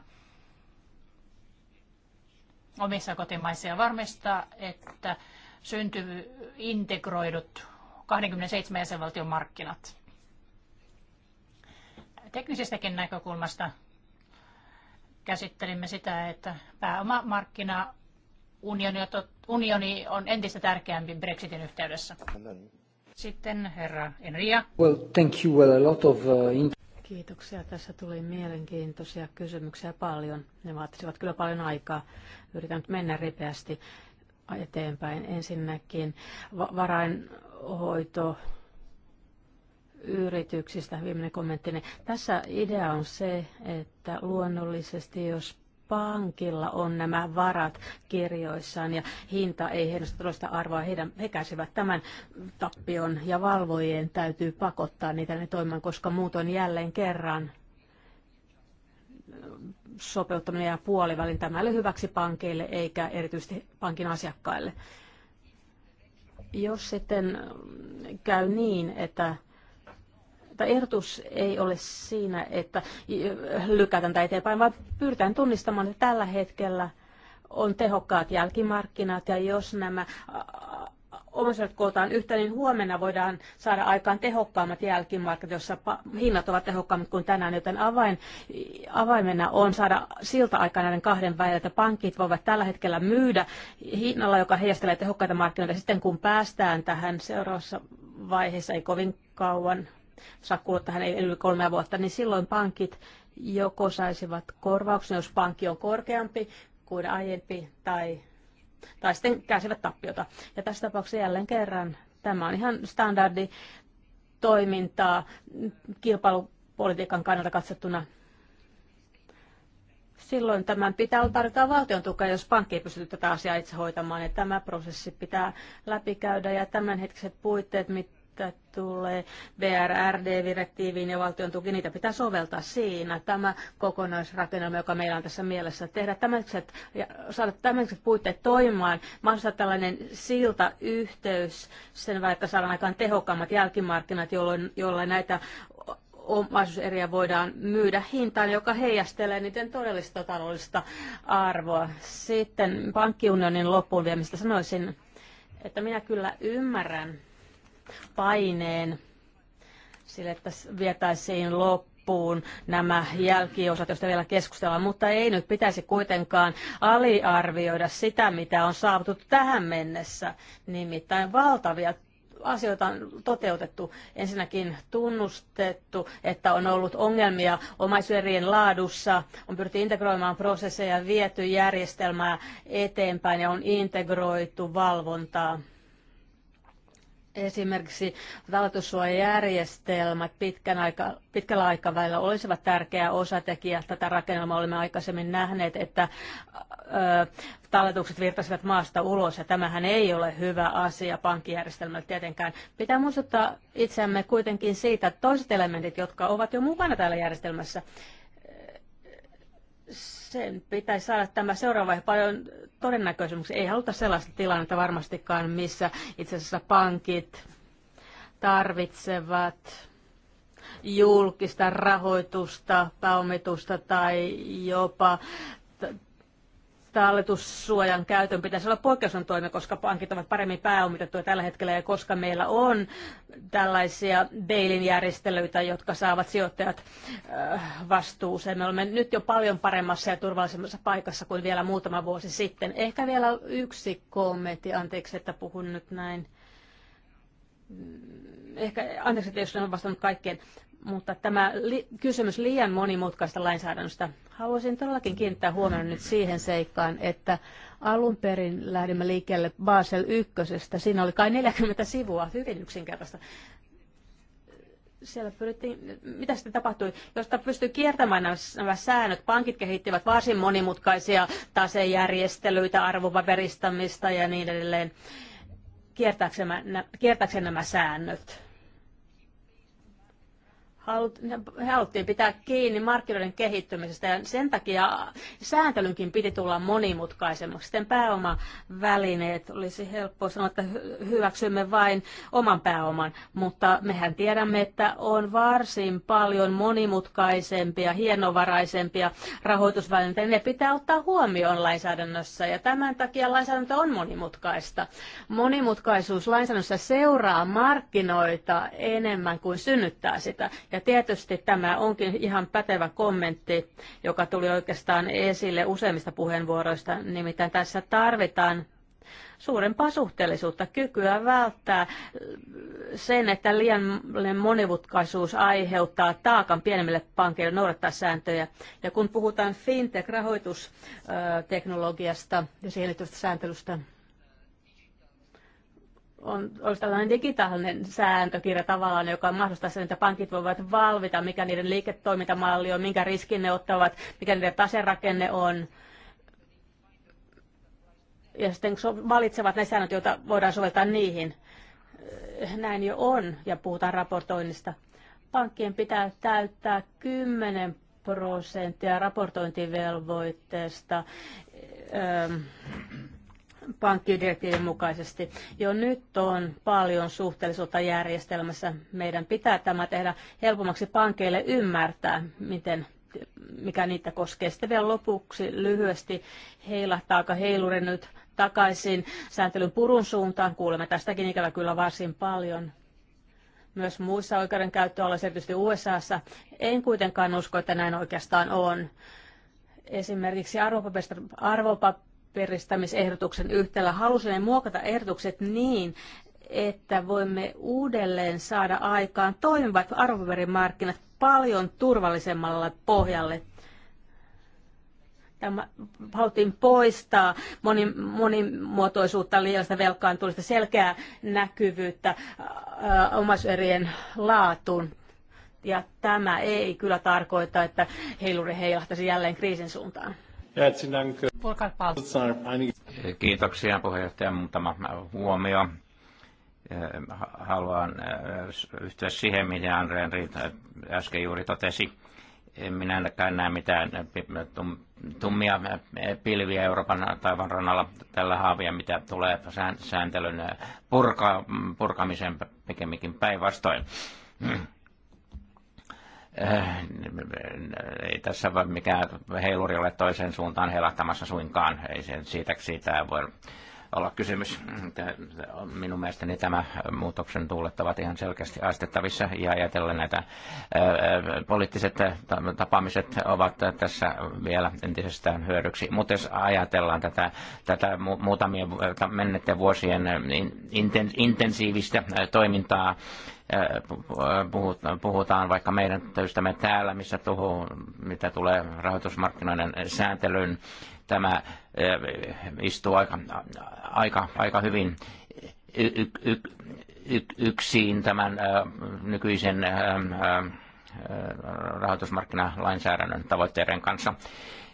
omissa kotimaissa ja varmistaa, että syntyy integroidut 27 jäsenvaltion markkinat. Teknisestäkin näkökulmasta käsittelimme sitä, että pääomamarkkina unioni on entistä tärkeämpi Brexitin yhteydessä. Sitten herra Enria. Well, thank you. Well, a lot of, uh, Kiitoksia. Tässä tuli mielenkiintoisia kysymyksiä paljon. Ne vaatisivat kyllä paljon aikaa. Yritän nyt mennä ripeästi eteenpäin. Ensinnäkin varainhoito yrityksistä, viimeinen kommentti. Tässä idea on se, että luonnollisesti jos pankilla on nämä varat kirjoissaan ja hinta ei heidän tulosta arvoa. Heidän, he käsivät tämän tappion ja valvojien täytyy pakottaa niitä ne toimimaan, koska muutoin jälleen kerran sopeuttaminen ja puolivälin tämä oli hyväksi pankeille eikä erityisesti pankin asiakkaille. Jos sitten käy niin, että että ehdotus ei ole siinä, että lykätään tätä eteenpäin, vaan pyritään tunnistamaan, että tällä hetkellä on tehokkaat jälkimarkkinat ja jos nämä omaisuudet kootaan yhtä, niin huomenna voidaan saada aikaan tehokkaammat jälkimarkkinat, jossa hinnat ovat tehokkaammat kuin tänään, joten avain, avaimena on saada siltä aikaa näiden kahden välillä, että pankit voivat tällä hetkellä myydä hinnalla, joka heijastelee tehokkaita markkinoita. Sitten kun päästään tähän seuraavassa vaiheessa, ei kovin kauan saa kuluttaa hän yli kolmea vuotta, niin silloin pankit joko saisivat korvauksen, jos pankki on korkeampi kuin aiempi, tai, tai sitten käsivät tappiota. Ja tässä tapauksessa jälleen kerran tämä on ihan standardi toimintaa kilpailupolitiikan kannalta katsottuna. Silloin tämän pitää tarvitaan valtion tukea, jos pankki ei pysty tätä asiaa itse hoitamaan. Ja tämä prosessi pitää läpikäydä ja tämänhetkiset puitteet, mit, mitä tulee BRRD-direktiiviin ja valtion tuki, niitä pitää soveltaa siinä. Tämä kokonaisrakennelma, joka meillä on tässä mielessä, tehdä tämmöiset, ja saada tämmöiset puitteet toimimaan, mahdollista tällainen silta yhteys sen välillä, että saadaan aikaan tehokkaammat jälkimarkkinat, jolloin, jolloin näitä omaisuuseriä voidaan myydä hintaan, joka heijastelee niiden todellista taloudellista arvoa. Sitten pankkiunionin loppuun viemistä sanoisin, että minä kyllä ymmärrän paineen sille, että vietäisiin loppuun nämä jälkiosat, joista vielä keskustellaan, mutta ei nyt pitäisi kuitenkaan aliarvioida sitä, mitä on saavutettu tähän mennessä. Nimittäin valtavia asioita on toteutettu. Ensinnäkin tunnustettu, että on ollut ongelmia omaisuuden laadussa, on pyritty integroimaan prosesseja, viety järjestelmää eteenpäin ja on integroitu valvontaa Esimerkiksi talletussuojajärjestelmät pitkän aika, pitkällä aikavälillä olisivat tärkeä osatekijä. Tätä rakennelmaa olemme aikaisemmin nähneet, että ö, talletukset virtasivat maasta ulos, ja tämähän ei ole hyvä asia pankkijärjestelmälle tietenkään. Pitää muistuttaa itseämme kuitenkin siitä, että toiset elementit, jotka ovat jo mukana täällä järjestelmässä, sen pitäisi saada tämä seuraava vaihe paljon todennäköisemmäksi. Ei haluta sellaista tilannetta varmastikaan, missä itse asiassa pankit tarvitsevat julkista rahoitusta, pääomitusta tai jopa talletussuojan käytön pitäisi olla poikkeuksen toimi, koska pankit ovat paremmin pääomitettuja tällä hetkellä ja koska meillä on tällaisia bailin järjestelyitä, jotka saavat sijoittajat äh, vastuuseen. Me olemme nyt jo paljon paremmassa ja turvallisemmassa paikassa kuin vielä muutama vuosi sitten. Ehkä vielä yksi kommentti, anteeksi, että puhun nyt näin. Mm, ehkä, anteeksi, jos en ole vastannut kaikkeen mutta tämä li- kysymys liian monimutkaista lainsäädännöstä. Haluaisin todellakin kiinnittää huomioon nyt siihen seikkaan, että alun perin lähdimme liikkeelle Basel 1. Siinä oli kai 40 sivua, hyvin yksinkertaista. Siellä pyrittiin, mitä sitten tapahtui, josta pystyy kiertämään nämä, nämä säännöt. Pankit kehittivät varsin monimutkaisia tasejärjestelyitä, arvopaperistamista ja niin edelleen kiertääkseen, kiertääkseen nämä säännöt he haluttiin pitää kiinni markkinoiden kehittymisestä ja sen takia sääntelynkin piti tulla monimutkaisemmaksi. Sitten pääomavälineet olisi helppo sanoa, että hyväksymme vain oman pääoman, mutta mehän tiedämme, että on varsin paljon monimutkaisempia, hienovaraisempia rahoitusvälineitä. Ne pitää ottaa huomioon lainsäädännössä ja tämän takia lainsäädäntö on monimutkaista. Monimutkaisuus lainsäädännössä seuraa markkinoita enemmän kuin synnyttää sitä. Ja ja tietysti tämä onkin ihan pätevä kommentti, joka tuli oikeastaan esille useimmista puheenvuoroista. Nimittäin tässä tarvitaan suurempaa suhteellisuutta, kykyä välttää sen, että liian monivutkaisuus aiheuttaa taakan pienemmille pankeille noudattaa sääntöjä. Ja kun puhutaan fintech-rahoitusteknologiasta ja siihen liittyvästä sääntelystä, on, olisi tällainen digitaalinen sääntökirja tavallaan, joka mahdollistaa sen, että pankit voivat valvita, mikä niiden liiketoimintamalli on, minkä riskin ne ottavat, mikä niiden taserakenne on. Ja sitten valitsevat ne säännöt, joita voidaan soveltaa niihin. Näin jo on, ja puhutaan raportoinnista. Pankkien pitää täyttää 10 prosenttia raportointivelvoitteesta. Öö, pankkidirektiivin mukaisesti. Jo nyt on paljon suhteellisuutta järjestelmässä. Meidän pitää tämä tehdä helpommaksi pankeille ymmärtää, miten mikä niitä koskee. Sitten vielä lopuksi lyhyesti heilahtaako heiluri nyt takaisin sääntelyn purun suuntaan. Kuulemme tästäkin ikävä kyllä varsin paljon myös muissa oikeudenkäyttöalueissa, erityisesti USAssa. En kuitenkaan usko, että näin oikeastaan on. Esimerkiksi arvopaperista, arvopap- peristämisehdotuksen yhtälä. Halusimme muokata ehdotukset niin, että voimme uudelleen saada aikaan toimivat arvopaperimarkkinat paljon turvallisemmalle pohjalle. Tämä haluttiin poistaa moni, monimuotoisuutta, liiallista velkaantumista, selkeää näkyvyyttä äh, omaiserien laatuun. Ja tämä ei kyllä tarkoita, että heiluri heilahtaisi jälleen kriisin suuntaan. Kiitoksia puheenjohtaja. Muutama huomio. Eh, haluan eh, yhtyä siihen, mitä Andreen eh, äsken juuri totesi. En minä ainakaan näe mitään tummia pilviä Euroopan taivan rannalla tällä haavia, mitä tulee sääntelyn purka, purkamiseen pikemminkin päinvastoin. Hmm. Äh, ei tässä voi mikään heiluri ole toisen suuntaan helahtamassa suinkaan. Ei sen, siitä, siitä voi olla kysymys. Minun mielestäni tämä muutoksen tuulet ovat ihan selkeästi astettavissa ja ajatellen näitä äh, poliittiset tapaamiset ovat tässä vielä entisestään hyödyksi. Mutta jos ajatellaan tätä, tätä muutamien äh, menneiden vuosien intensiivistä toimintaa, Äh, puhutaan vaikka meidän työstämme täällä, missä tuohon, mitä tulee rahoitusmarkkinoiden sääntelyyn, tämä äh, istuu aika, aika, aika hyvin y, y, y, tämän äh, nykyisen rahoitusmarkkinalainsäädännön tavoitteiden kanssa,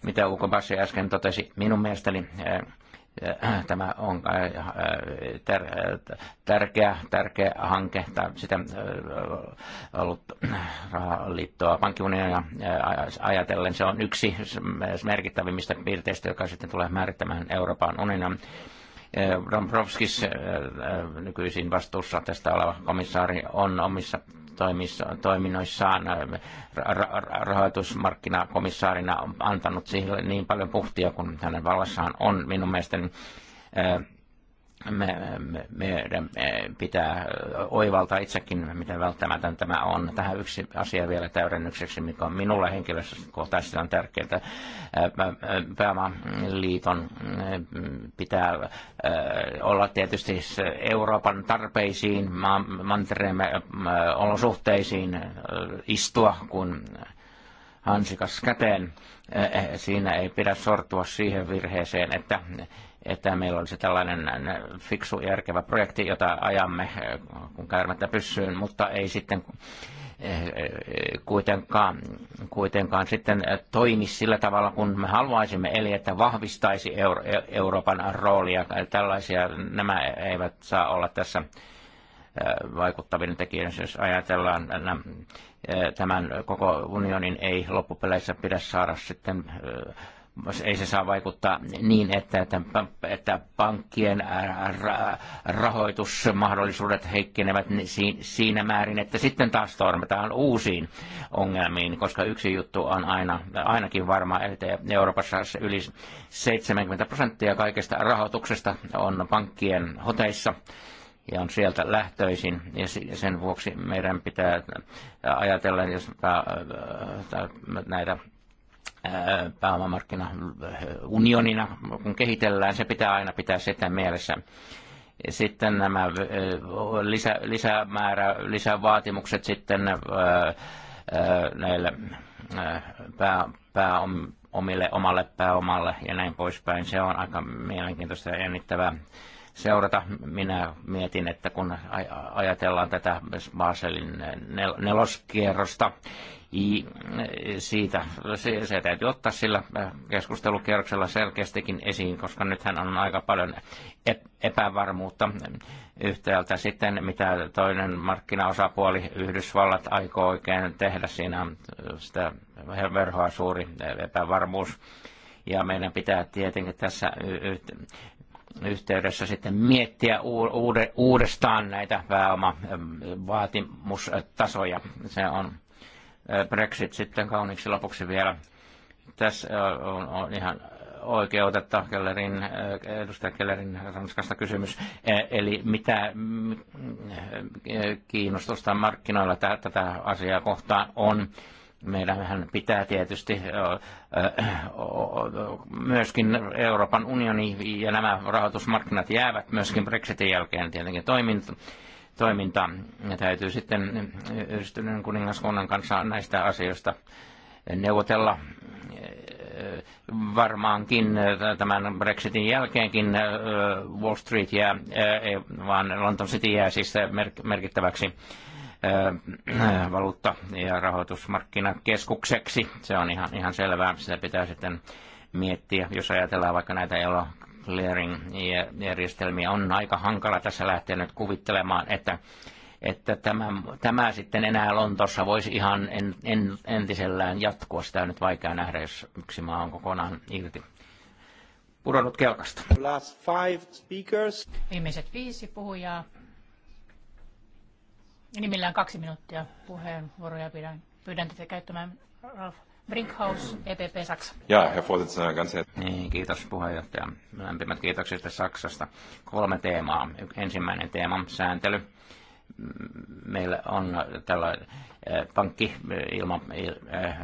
mitä Uko Bassi äsken totesi. Minun mielestäni Äh, tämä on äh, äh, tärkeä, tärkeä hanke, sitä ollut rahaliittoa pankkiunionia ajatellen. Se on yksi merkittävimmistä piirteistä, joka sitten tulee määrittämään Euroopan unionin Dombrovskis, nykyisin vastuussa tästä oleva komissaari, on omissa toiminnoissaan rahoitusmarkkinakomissaarina antanut sille niin paljon puhtia kuin hänen vallassaan on. Minun mielestäni me, me, meidän eh, pitää oivaltaa itsekin, miten välttämätön tämä on. Tähän yksi asia vielä täydennykseksi, mikä on minulle henkilökohtaisesti on tärkeää. Eh, eh, Pääomaliiton pitää olla tietysti Euroopan tarpeisiin, mantereemme olosuhteisiin istua, kun hansikas käteen. Siinä ei pidä sortua siihen virheeseen, että että meillä olisi tällainen äh, fiksu järkevä projekti, jota ajamme äh, kun käärmettä pyssyyn, mutta ei sitten äh, kuitenkaan, kuitenkaan sitten toimi sillä tavalla, kun me haluaisimme, eli että vahvistaisi Euro e-, Euroopan roolia. Tällaisia nämä eivät saa olla tässä vaikuttavin tekijä, jos ajatellaan tämän koko unionin ei loppupeleissä pidä saada sitten ei se saa vaikuttaa niin, että, että, että pankkien äh, rahoitusmahdollisuudet heikkenevät siinä määrin, että sitten taas tormataan uusiin ongelmiin, koska yksi juttu on aina, ainakin varma, että Euroopassa yli 70 prosenttia kaikesta rahoituksesta on pankkien hoteissa ja on sieltä lähtöisin. Ja sen vuoksi meidän pitää ajatella jos äh, äh, näitä Äh, pääomamarkkinaunionina, äh, kun kehitellään, se pitää aina pitää sitä mielessä. Sitten nämä äh, lisä, lisämäärä, lisävaatimukset sitten näille pää, pääom, omille, omalle pääomalle ja näin poispäin. Se on aika mielenkiintoista ja jännittävää seurata. Minä mietin, että kun ajatellaan tätä Baselin nel- neloskierrosta, siitä se, se täytyy ottaa sillä äh, keskustelukierroksella selkeästikin esiin, koska nythän on aika paljon epävarmuutta yhtäältä sitten, mitä toinen markkinaosapuoli Yhdysvallat aikoo oikein tehdä. Siinä on sitä verhoa suuri epävarmuus. Ja meidän pitää tietenkin tässä yhteydessä sitten miettiä uudestaan näitä pääomavaatimustasoja. Se on Brexit sitten kauniiksi lopuksi vielä. Tässä on, ihan ihan otetta Kellerin, edustaja Kellerin Ranskasta kysymys. E, eli mitä kiinnostusta markkinoilla tätä asiaa kohtaan on? meillähän pitää tietysti myöskin Euroopan unioni ja nämä rahoitusmarkkinat jäävät myöskin Brexitin jälkeen tietenkin toiminta. toiminta. Ja täytyy sitten yhdistyneen kuningaskunnan kanssa näistä asioista neuvotella varmaankin tämän Brexitin jälkeenkin Wall Street jää, vaan London City jää siis merkittäväksi valuutta- ja rahoitusmarkkinakeskukseksi. Se on ihan, ihan selvää, sitä pitää sitten miettiä. Jos ajatellaan vaikka näitä elo clearing-järjestelmiä, on aika hankala tässä lähteä nyt kuvittelemaan, että että tämä, tämä sitten enää Lontossa voisi ihan en, en, entisellään jatkua. Sitä on nyt vaikea nähdä, jos yksi maa on kokonaan irti pudonnut kelkasta. Last five speakers. Viimeiset viisi puhujaa. Enimmillään kaksi minuuttia puheenvuoroja pidän. Pyydän teitä käyttämään Ralf Brinkhaus, EPP Saksa. Ja, Herr Vorsitzender, ganz niin, kiitos puheenjohtaja. Lämpimät kiitokset Saksasta. Kolme teemaa. Ensimmäinen teema, sääntely meillä on tällä eh, pankki eh, ilman eh,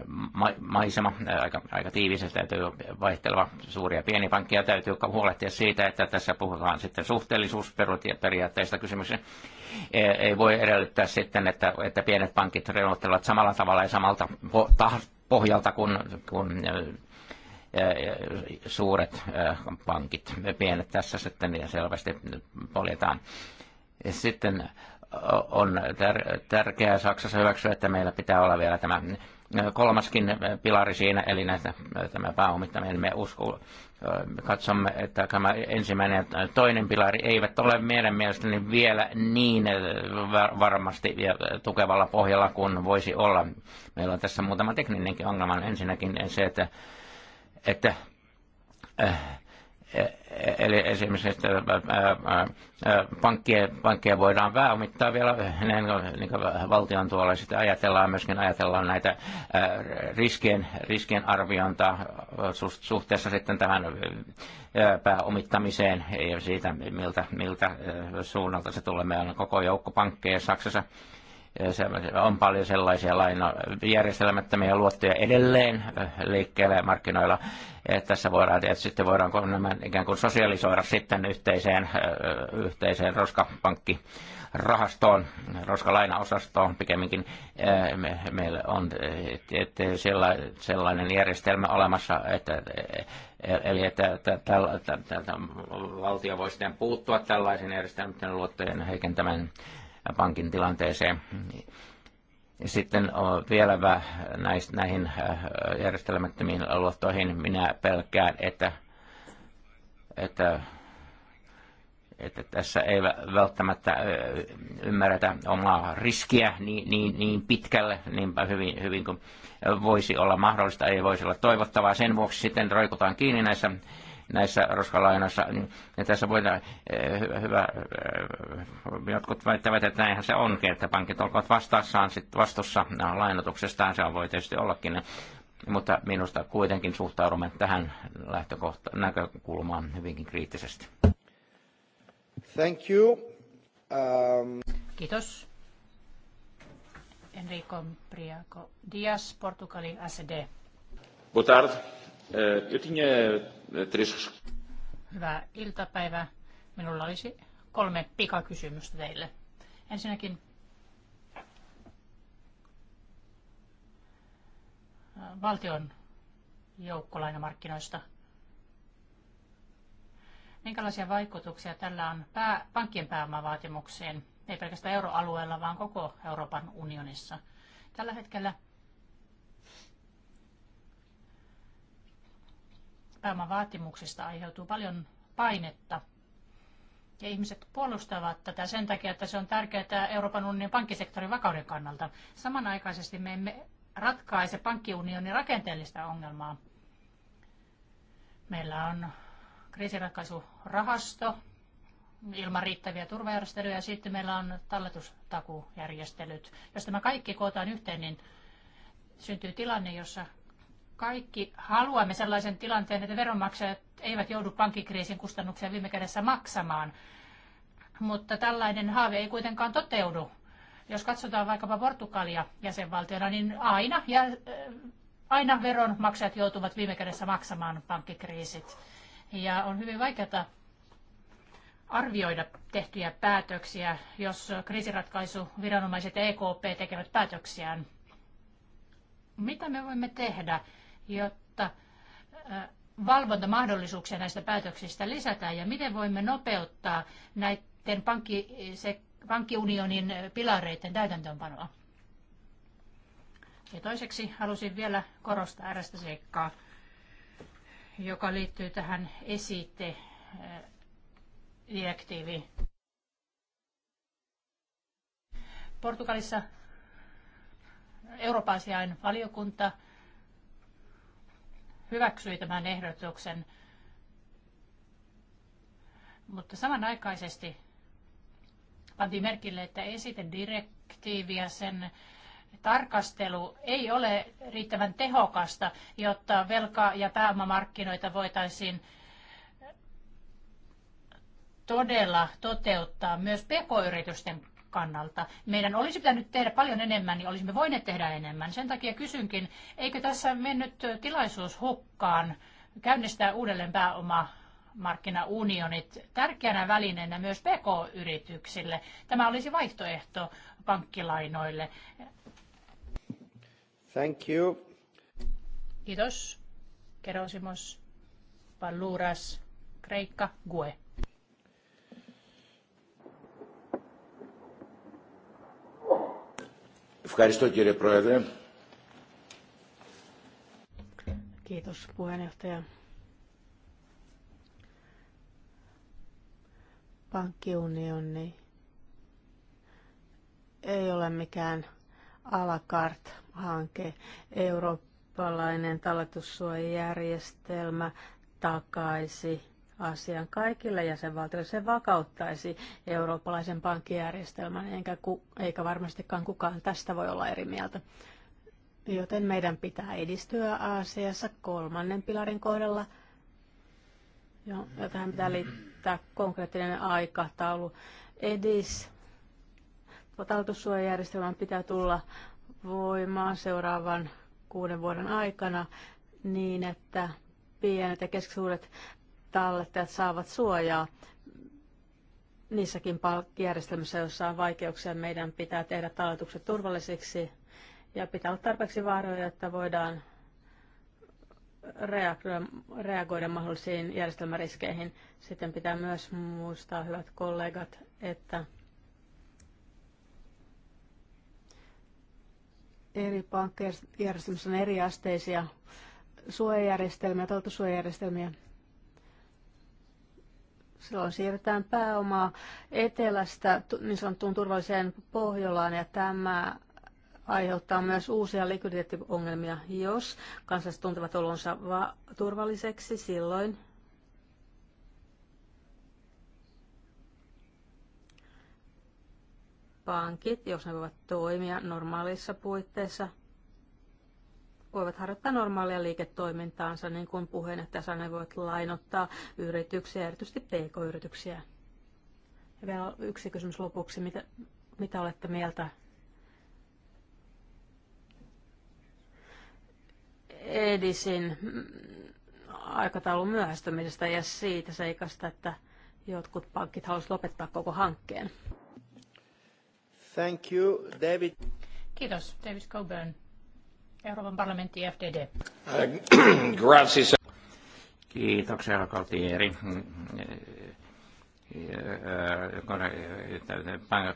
maisema aika, aika tiivis, täytyy vaihtelua suuria ja pieni pankki ja täytyy huolehtia siitä, että tässä puhutaan sitten suhteellisuusperiaatteista kysymyksiä. Ei voi edellyttää sitten, että, että pienet pankit reunoittelevat samalla tavalla ja samalta pohjalta kuin, kuin suuret pankit. Pienet tässä sitten ja selvästi poljetaan. Sitten on tärkeää Saksassa hyväksyä, että meillä pitää olla vielä tämä kolmaskin pilari siinä, eli näitä, tämä pääomittaminen. Me usko, katsomme, että tämä ensimmäinen ja toinen pilari eivät ole meidän mielestäni vielä niin varmasti ja tukevalla pohjalla kuin voisi olla. Meillä on tässä muutama tekninenkin ongelma. Ensinnäkin se, että, että äh, Eli esimerkiksi että pankkia, pankkia voidaan pääomittaa vielä, niin kuin, niin kuin valtion tuolla sitten ajatellaan myöskin, ajatellaan näitä riskien, riskien arviointaa suhteessa sitten tähän pääomittamiseen ja siitä, miltä, miltä suunnalta se tulee. Meillä on koko joukko pankkeja Saksassa, on paljon sellaisia järjestelmättömiä luottoja edelleen liikkeelle markkinoilla. Tässä voidaan tietysti sitten voidaan nämä ikään kuin sosialisoida sitten yhteiseen, yhteiseen roskapankki rahastoon, roskalainaosastoon pikemminkin. Me, meillä on sellainen järjestelmä olemassa, että, e, e, eli että, että, että, että, että valtio voi sitten puuttua tällaisen järjestelmän luottojen heikentämään pankin tilanteeseen. Sitten vielä näihin järjestelmättömiin luottoihin minä pelkään, että, että, että tässä ei välttämättä ymmärretä omaa riskiä niin, niin, niin pitkälle, niin hyvin, hyvin kuin voisi olla mahdollista, ei voisi olla toivottavaa. Sen vuoksi sitten roikutaan kiinni näissä näissä roskalainoissa, niin, niin tässä voidaan eh, hyvä, eh, jotkut väittävät, että näinhän se onkin, että pankit olkoot vastassaan sit vastossa lainotuksestaan, se voi tietysti ollakin, mutta minusta kuitenkin suhtaudumme tähän lähtökohta näkökulmaan hyvinkin kriittisesti. Thank you. Um... Kiitos. Enrico Priaco Dias, Portugalin ACD. Boa tarde. Eu tinha três... Hyvää iltapäivää. Minulla olisi kolme pikakysymystä teille. Ensinnäkin valtion joukkolainamarkkinoista. Minkälaisia vaikutuksia tällä on pää, pankkien pääomavaatimukseen, ei pelkästään euroalueella, vaan koko Euroopan unionissa? Tällä hetkellä pääomavaatimuksista aiheutuu paljon painetta. Ja ihmiset puolustavat tätä sen takia, että se on tärkeää Euroopan unionin pankkisektorin vakauden kannalta. Samanaikaisesti me emme ratkaise pankkiunionin rakenteellista ongelmaa. Meillä on kriisiratkaisurahasto ilman riittäviä turvajärjestelyjä ja sitten meillä on talletustakujärjestelyt. Jos tämä kaikki kootaan yhteen, niin syntyy tilanne, jossa kaikki haluamme sellaisen tilanteen, että veronmaksajat eivät joudu pankkikriisin kustannuksia viime kädessä maksamaan. Mutta tällainen haave ei kuitenkaan toteudu. Jos katsotaan vaikkapa Portugalia jäsenvaltiona, niin aina, ja, äh, aina veronmaksajat joutuvat viime kädessä maksamaan pankkikriisit. Ja on hyvin vaikeaa arvioida tehtyjä päätöksiä, jos kriisiratkaisuviranomaiset ja EKP tekevät päätöksiään. Mitä me voimme tehdä? jotta valvontamahdollisuuksia näistä päätöksistä lisätään ja miten voimme nopeuttaa näiden pankki, se, pankkiunionin pilareiden täytäntöönpanoa? Ja toiseksi halusin vielä korostaa erästä seikkaa, joka liittyy tähän esite direktiiviin. Portugalissa euroopan valiokunta – hyväksyi tämän ehdotuksen. Mutta samanaikaisesti pantiin merkille, että esitedirektiivi ja sen tarkastelu ei ole riittävän tehokasta, jotta velka- ja pääomamarkkinoita voitaisiin todella toteuttaa myös pk-yritysten kannalta. Meidän olisi pitänyt tehdä paljon enemmän, niin olisimme voineet tehdä enemmän. Sen takia kysynkin, eikö tässä mennyt tilaisuus hukkaan käynnistää uudelleen pääoma markkinaunionit tärkeänä välineenä myös PK-yrityksille. Tämä olisi vaihtoehto pankkilainoille. Thank you. Kiitos. Kerosimos, Palluras, Kreikka, Gue. Ευχαριστώ κύριε Πρόεδρε. Kiitos puheenjohtaja. Pankkiunioni ei ole mikään alakart-hanke. Eurooppalainen talletussuojajärjestelmä takaisi asian kaikille jäsenvaltioille. Se vakauttaisi eurooppalaisen pankkijärjestelmän, enkä ku, eikä varmastikaan kukaan tästä voi olla eri mieltä. Joten meidän pitää edistyä asiassa kolmannen pilarin kohdalla. Ja tähän pitää liittää konkreettinen aikataulu. Edis talletussuojajärjestelmän pitää tulla voimaan seuraavan kuuden vuoden aikana niin, että pienet ja keskisuuret tallettajat saavat suojaa niissäkin järjestelmissä, joissa on vaikeuksia. Meidän pitää tehdä talletukset turvallisiksi ja pitää olla tarpeeksi varoja, että voidaan reagoida, mahdollisiin järjestelmäriskeihin. Sitten pitää myös muistaa, hyvät kollegat, että eri pankkijärjestelmissä on eri asteisia suojajärjestelmiä, talletussuojajärjestelmiä silloin siirretään pääomaa etelästä niin sanottuun turvalliseen Pohjolaan ja tämä aiheuttaa myös uusia likviditeettiongelmia. Jos kansalaiset tuntevat olonsa turvalliseksi, silloin pankit, jos ne voivat toimia normaalissa puitteissa, voivat harjoittaa normaalia liiketoimintaansa, niin kuin puheenjohtaja sanoi, voivat lainottaa yrityksiä, erityisesti pk-yrityksiä. Ja vielä yksi kysymys lopuksi. Mitä, mitä olette mieltä Edisin aikataulun myöhästymisestä ja siitä seikasta, että jotkut pankit haluaisivat lopettaa koko hankkeen? Thank you, David. Kiitos, David Coburn. Euroopan parlamentti FDD. Kiitoksia, Kaltieri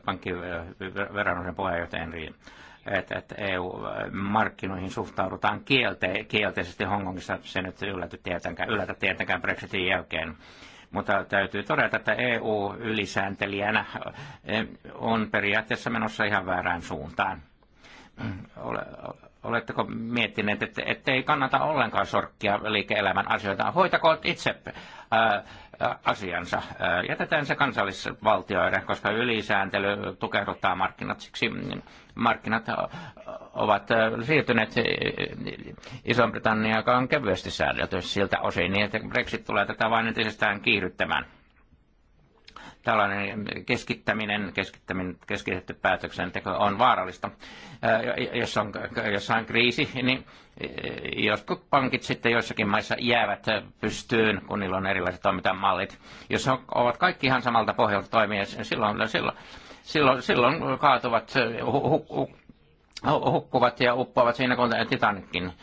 pankkiveronosen puheenjohtaja Enri, että, että EU-markkinoihin suhtaudutaan kielte, kielteisesti Hongkongissa, se nyt yllätä tietenkään, yllätä tietenkään Brexitin jälkeen. Mutta täytyy todeta, että EU-ylisääntelijänä on periaatteessa menossa ihan väärään suuntaan. Ole, ole Oletteko miettineet, että, ettei kannata ollenkaan sorkkia liike-elämän asioita? Hoitakoot itse ää, asiansa. Ää, jätetään se kansallisvaltioiden, koska ylisääntely tukehduttaa markkinat. Siksi markkinat ovat siirtyneet Iso-Britanniaan kevyesti säädelty siltä osin, niin että Brexit tulee tätä vain entisestään kiihdyttämään tällainen keskittäminen, keskittäminen keskitetty päätöksenteko on vaarallista. Jos on jossain kriisi, niin jotkut pankit sitten joissakin maissa jäävät pystyyn, kun niillä on erilaiset toimintamallit. Jos on, ovat kaikki ihan samalta pohjalta toimia, silloin, silloin, silloin, silloin kaatuvat, hukkuvat ja uppoavat siinä kun Titanikin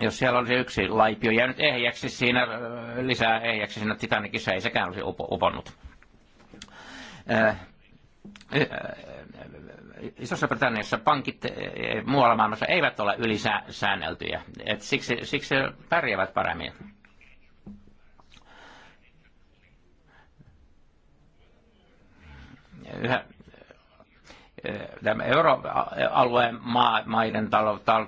jos siellä olisi yksi laipio jäänyt ehjäksi siinä, lisää ehjäksi siinä Titanikissa, ei sekään olisi uponnut. Isossa Britanniassa pankit e, e, muualla maailmassa eivät ole ylisäänneltyjä. Et siksi, siksi pärjäävät paremmin. Yhä, euroalueen maiden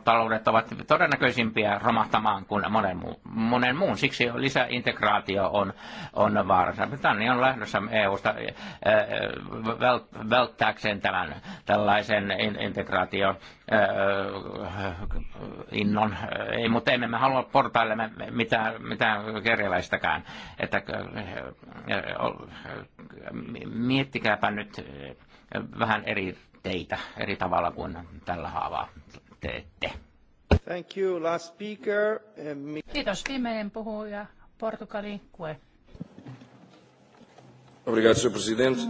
taloudet ovat todennäköisimpiä romahtamaan kuin monen, muun, monen muun. Siksi lisäintegraatio on, on vaarassa. Britannia on lähdössä EU-sta e, e, välttääkseen tämän tällaisen integraation e, innon. Ei, mutta emme me halua portaille mitään, mitään kerjäläistäkään. Että, miettikääpä nyt vähän eri teitä, eri tavalla kuin tällä haavaa teette. Thank you, last speaker. Kiitos, viimeinen puhuja, Portugalin Kue. Obrigado, Presidente.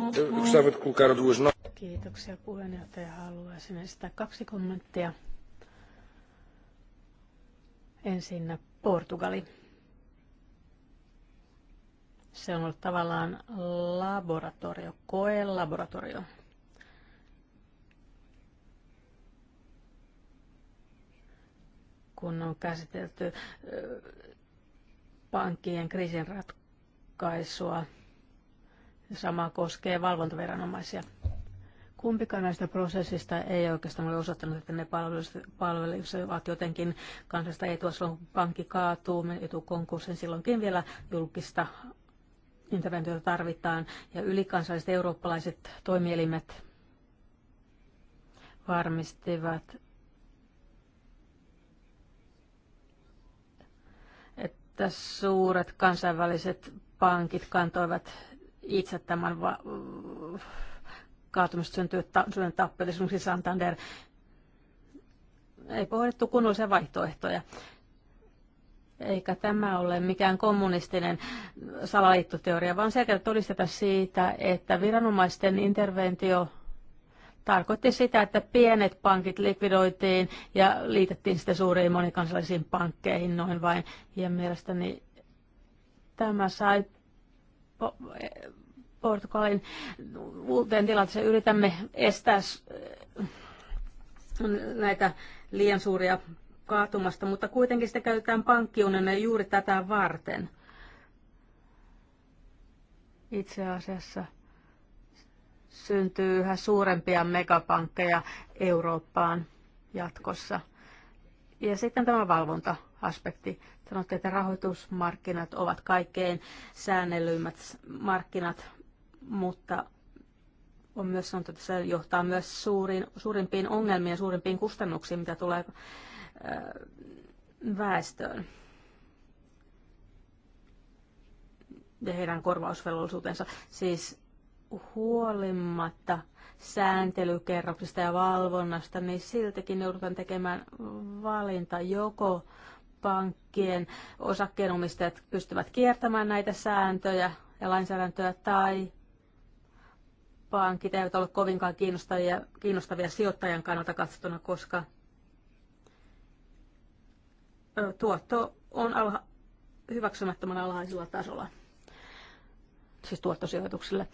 No- Kiitoksia puheenjohtaja. Haluaisin esittää kaksi kommenttia. Ensin Portugali. Se on ollut tavallaan laboratorio, koelaboratorio kun on käsitelty pankkien kriisin ratkaisua. Sama koskee valvontaviranomaisia. Kumpikaan näistä prosessista ei oikeastaan ole osoittanut, että ne ovat jotenkin kansasta etua silloin, kun pankki kaatuu, etu konkurssin silloinkin vielä julkista interventiota tarvitaan ja ylikansalliset eurooppalaiset toimielimet varmistivat että suuret kansainväliset pankit kantoivat itse tämän va- kaatumista syntynyt ta- tappioon, esimerkiksi Santander. Ei pohdittu kunnollisia vaihtoehtoja. Eikä tämä ole mikään kommunistinen salaliittoteoria, vaan selkeä todisteta siitä, että viranomaisten interventio tarkoitti sitä, että pienet pankit likvidoitiin ja liitettiin sitten suuriin monikansallisiin pankkeihin noin vain. Ja mielestäni tämä sai Portugalin uuteen tilanteeseen. Yritämme estää näitä liian suuria kaatumasta, mutta kuitenkin sitä käytetään pankkiunionia juuri tätä varten. Itse asiassa syntyy yhä suurempia megapankkeja Eurooppaan jatkossa. Ja sitten tämä valvonta-aspekti. Sanotte, että rahoitusmarkkinat ovat kaikkein säännellyimmät markkinat, mutta on myös sanottu, että se johtaa myös suurin, suurimpiin ongelmiin ja suurimpiin kustannuksiin, mitä tulee äh, väestöön ja heidän korvausvelvollisuutensa. Siis huolimatta sääntelykerroksista ja valvonnasta, niin siltikin joudutaan tekemään valinta joko pankkien osakkeenomistajat pystyvät kiertämään näitä sääntöjä ja lainsäädäntöä tai pankit eivät ole kovinkaan kiinnostavia, kiinnostavia sijoittajan kannalta katsottuna, koska tuotto on alha, hyväksymättömän alhaisella tasolla, siis tuottosijoituksille.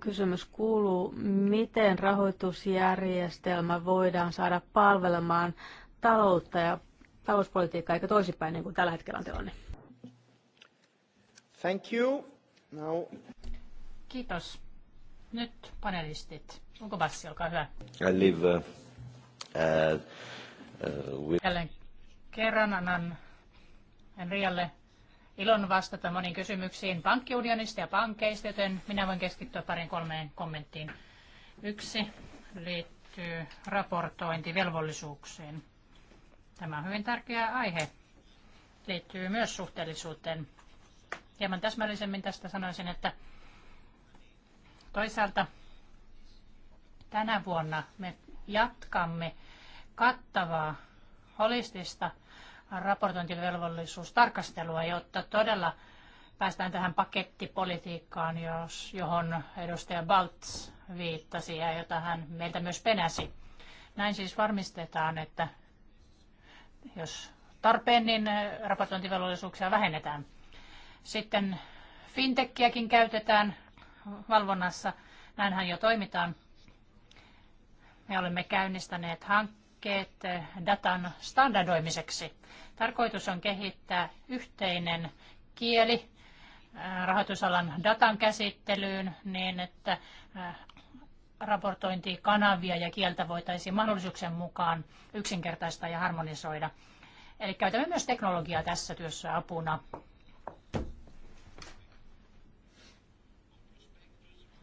Kysymys kuuluu, miten rahoitusjärjestelmä voidaan saada palvelemaan taloutta ja talouspolitiikkaa eikä toisinpäin niin kuin tällä hetkellä on tilanne. Thank you. Now. Kiitos. Nyt panelistit. Onko Bassi, olkaa hyvä. I live, uh, uh, with... Jälleen kerran annan Henrialle ilon vastata moniin kysymyksiin pankkiunionista ja pankeista, joten minä voin keskittyä parin kolmeen kommenttiin. Yksi liittyy raportointivelvollisuuksiin. Tämä on hyvin tärkeä aihe. Liittyy myös suhteellisuuteen. Hieman täsmällisemmin tästä sanoisin, että toisaalta tänä vuonna me jatkamme kattavaa holistista raportointivelvollisuustarkastelua, jotta todella päästään tähän pakettipolitiikkaan, jos, johon edustaja Baltz viittasi ja jota hän meiltä myös penäsi. Näin siis varmistetaan, että jos tarpeen, niin eh, raportointivelvollisuuksia vähennetään. Sitten fintekkiäkin käytetään valvonnassa. Näinhän jo toimitaan. Me olemme käynnistäneet hankkeen hankkeet datan standardoimiseksi. Tarkoitus on kehittää yhteinen kieli rahoitusalan datan käsittelyyn niin, että raportointikanavia ja kieltä voitaisiin mahdollisuuksien mukaan yksinkertaistaa ja harmonisoida. Eli käytämme myös teknologiaa tässä työssä apuna.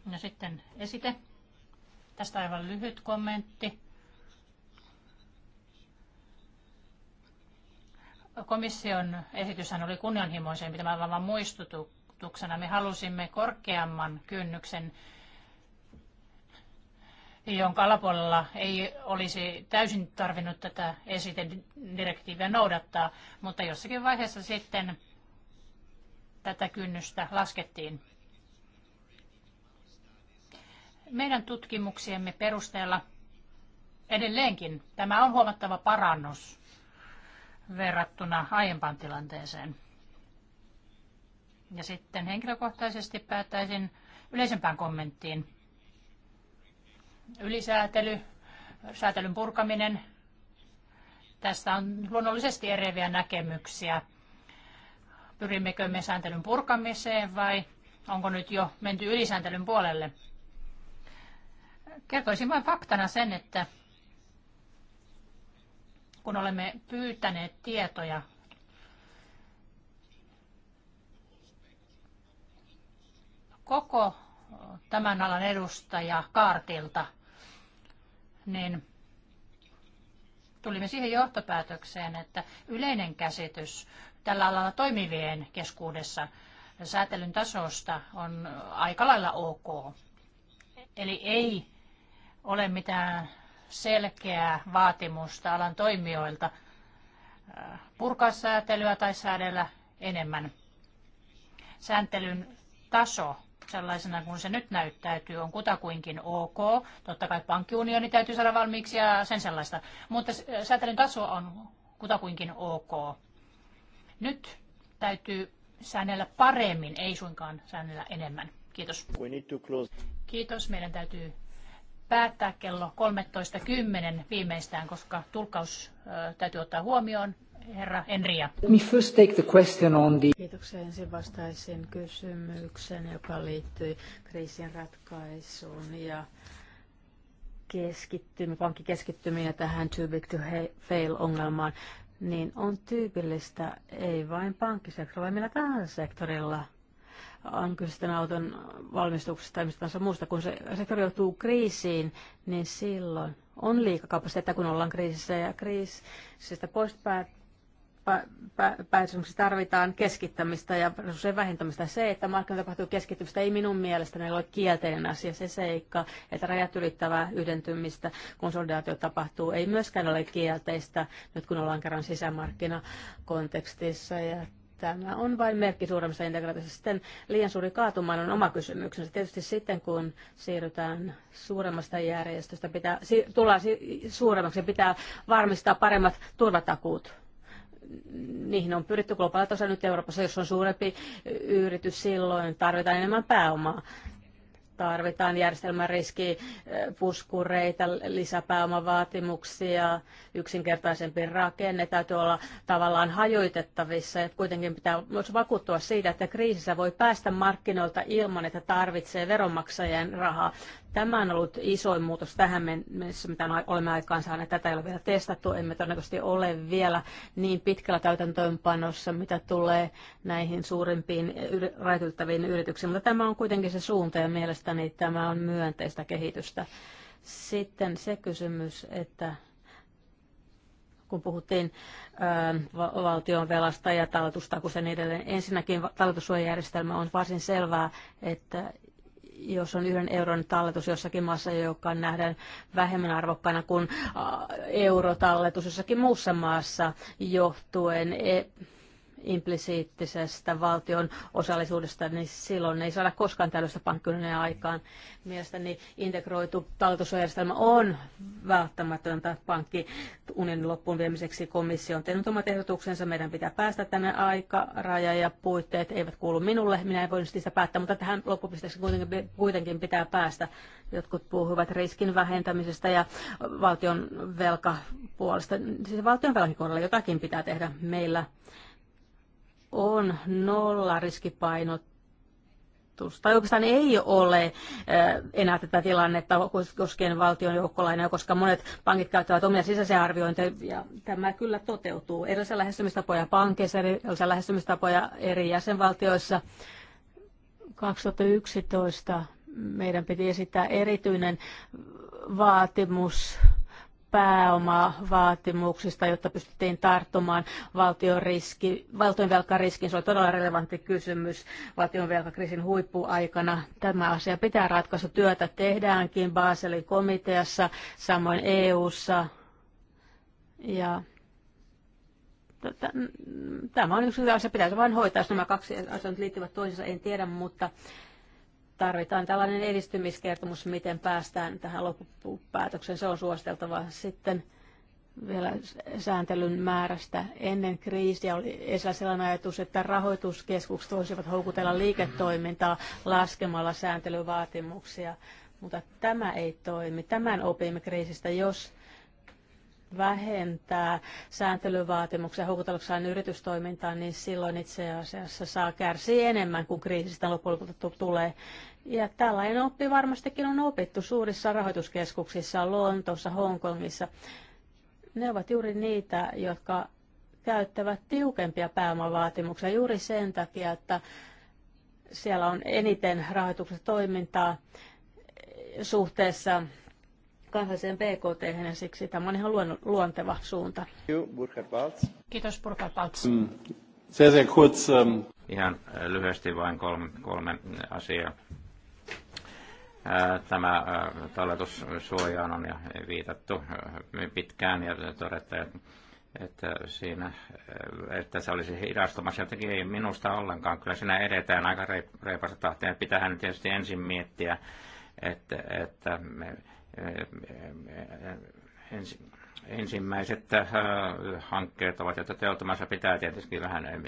No sitten esite. Tästä aivan lyhyt kommentti. Komission esityshän oli kunnianhimoisempi, tämä vain muistutuksena. Me halusimme korkeamman kynnyksen, jonka alapuolella ei olisi täysin tarvinnut tätä esitedirektiiviä noudattaa, mutta jossakin vaiheessa sitten tätä kynnystä laskettiin. Meidän tutkimuksiemme perusteella edelleenkin tämä on huomattava parannus verrattuna aiempaan tilanteeseen. Ja sitten henkilökohtaisesti päättäisin yleisempään kommenttiin. Ylisäätely, säätelyn purkaminen. Tästä on luonnollisesti eriäviä näkemyksiä. Pyrimmekö me sääntelyn purkamiseen vai onko nyt jo menty ylisääntelyn puolelle? Kertoisin vain faktana sen, että kun olemme pyytäneet tietoja koko tämän alan edustaja Kaartilta, niin tulimme siihen johtopäätökseen, että yleinen käsitys tällä alalla toimivien keskuudessa säätelyn tasosta on aika lailla ok. Eli ei ole mitään selkeää vaatimusta alan toimijoilta äh, purkaa säätelyä tai säädellä enemmän. Sääntelyn taso sellaisena kuin se nyt näyttäytyy, on kutakuinkin ok. Totta kai pankkiunioni täytyy saada valmiiksi ja sen sellaista. Mutta äh, säätelyn taso on kutakuinkin ok. Nyt täytyy säännellä paremmin, ei suinkaan säännellä enemmän. Kiitos. Kiitos. Meidän täytyy päättää kello 13.10 viimeistään, koska tulkaus täytyy ottaa huomioon. Herra Enria. Me first take the question on the... Kiitoksia. Ensin vastaisin kysymyksen, joka liittyy kriisin ratkaisuun ja keskittymi, pankkikeskittymiin ja tähän too big to fail-ongelmaan, niin on tyypillistä ei vain pankkisektorilla, vaan millä tahansa sektorilla – on kyse sitten auton valmistuksesta tai mistä muusta. Kun se sektori joutuu kriisiin, niin silloin on liikakapasiteettia, kun ollaan kriisissä ja kriisistä pois pääsemiseksi tarvitaan keskittämistä ja resurssien vähentämistä. Se, että markkinoilla tapahtuu keskittymistä, ei minun mielestäni ole kielteinen asia. Se seikka, että rajat ylittävää yhdentymistä, konsolidaatio tapahtuu, ei myöskään ole kielteistä, nyt kun ollaan kerran sisämarkkinakontekstissa. Ja Tämä on vain merkki suuremmasta integraatiosta. Sitten liian suuri kaatumaan on oma kysymyksensä. Tietysti sitten, kun siirrytään suuremmasta järjestöstä, pitää, si, tullaan si, suuremmaksi, pitää varmistaa paremmat turvatakuut niihin on pyritty globaalitasolla nyt Euroopassa, jos on suurempi yritys silloin, tarvitaan enemmän pääomaa tarvitaan järjestelmäriski eh, puskureita, lisäpääomavaatimuksia, yksinkertaisempi rakenne, täytyy olla tavallaan hajoitettavissa. Et kuitenkin pitää myös vakuuttua siitä, että kriisissä voi päästä markkinoilta ilman, että tarvitsee veronmaksajien rahaa. Tämä on ollut isoin muutos tähän mennessä, mitä olemme aikaan saaneet. Tätä ei ole vielä testattu, emme todennäköisesti ole vielä niin pitkällä täytäntöönpanossa, mitä tulee näihin suurimpiin rajoitettaviin yrityksiin. Mutta tämä on kuitenkin se suunta ja mielestäni tämä on myönteistä kehitystä. Sitten se kysymys, että kun puhuttiin valtion velasta ja talletusta, kun niin sen edelleen. Ensinnäkin talletussuojajärjestelmä on varsin selvää, että jos on yhden euron talletus jossakin maassa, joka nähdään vähemmän arvokkaana kuin eurotalletus jossakin muussa maassa johtuen e, implisiittisestä valtion osallisuudesta, niin silloin ei saada koskaan tällaista pankkiunionia aikaan. Mielestäni integroitu talletusjärjestelmä on välttämätöntä pankkiunionin loppuun viemiseksi. Komissio on tehnyt omat ehdotuksensa, meidän pitää päästä tänne aikaraja ja puitteet eivät kuulu minulle, minä en voi sitä päättää, mutta tähän loppupisteeksi kuitenkin, kuitenkin pitää päästä. Jotkut puhuvat riskin vähentämisestä ja valtion velkapuolesta. Siis valtion velkakohdalla jotakin pitää tehdä meillä on nolla riskipainottusta, tai oikeastaan ei ole enää tätä tilannetta koskien valtion joukkolainoja, koska monet pankit käyttävät omia sisäisiä arviointeja, ja tämä kyllä toteutuu. Erilaisia lähestymistapoja pankeissa, erilaisia lähestymistapoja eri jäsenvaltioissa. 2011 meidän piti esittää erityinen vaatimus pääomavaatimuksista, jotta pystyttiin tarttumaan valtion, riski, valtion velkariskiin. Se oli todella relevantti kysymys valtion velkakriisin huippuaikana. Tämä asia pitää ratkaista. Työtä tehdäänkin Baselin komiteassa, samoin EU-ssa. Ja tämä on yksi asia, pitäisi vain hoitaa, jos nämä kaksi asiaa liittyvät toisiinsa, en tiedä, mutta tarvitaan tällainen edistymiskertomus, miten päästään tähän loppupäätökseen. Se on suositeltava sitten vielä sääntelyn määrästä. Ennen kriisiä oli esillä sellainen ajatus, että rahoituskeskukset voisivat houkutella liiketoimintaa laskemalla sääntelyvaatimuksia, mutta tämä ei toimi. Tämän opimme kriisistä, jos vähentää sääntelyvaatimuksia houkutelukseen yritystoimintaan, niin silloin itse asiassa saa kärsiä enemmän, kuin kriisistä lopulta tulee. Ja tällainen oppi varmastikin on opittu suurissa rahoituskeskuksissa, Lontoossa, Hongkongissa. Ne ovat juuri niitä, jotka käyttävät tiukempia pääomavaatimuksia juuri sen takia, että siellä on eniten rahoituksen toimintaa suhteessa kansalliseen BKT, ja siksi tämä on ihan luonteva suunta. Kiitos Burkhard Baltz. se mm. sehr ähm, Ihan lyhyesti vain kolme, kolme asiaa tämä talletussuojaan on jo viitattu pitkään ja todettu, että, siinä, että se olisi hidastumassa. Jotenkin ei minusta ollenkaan. Kyllä siinä edetään aika reipasta tahtia. Pitähän tietysti ensin miettiä, että, että me, ensi, ensimmäiset hankkeet ovat jo toteutumassa. Pitää tietysti vähän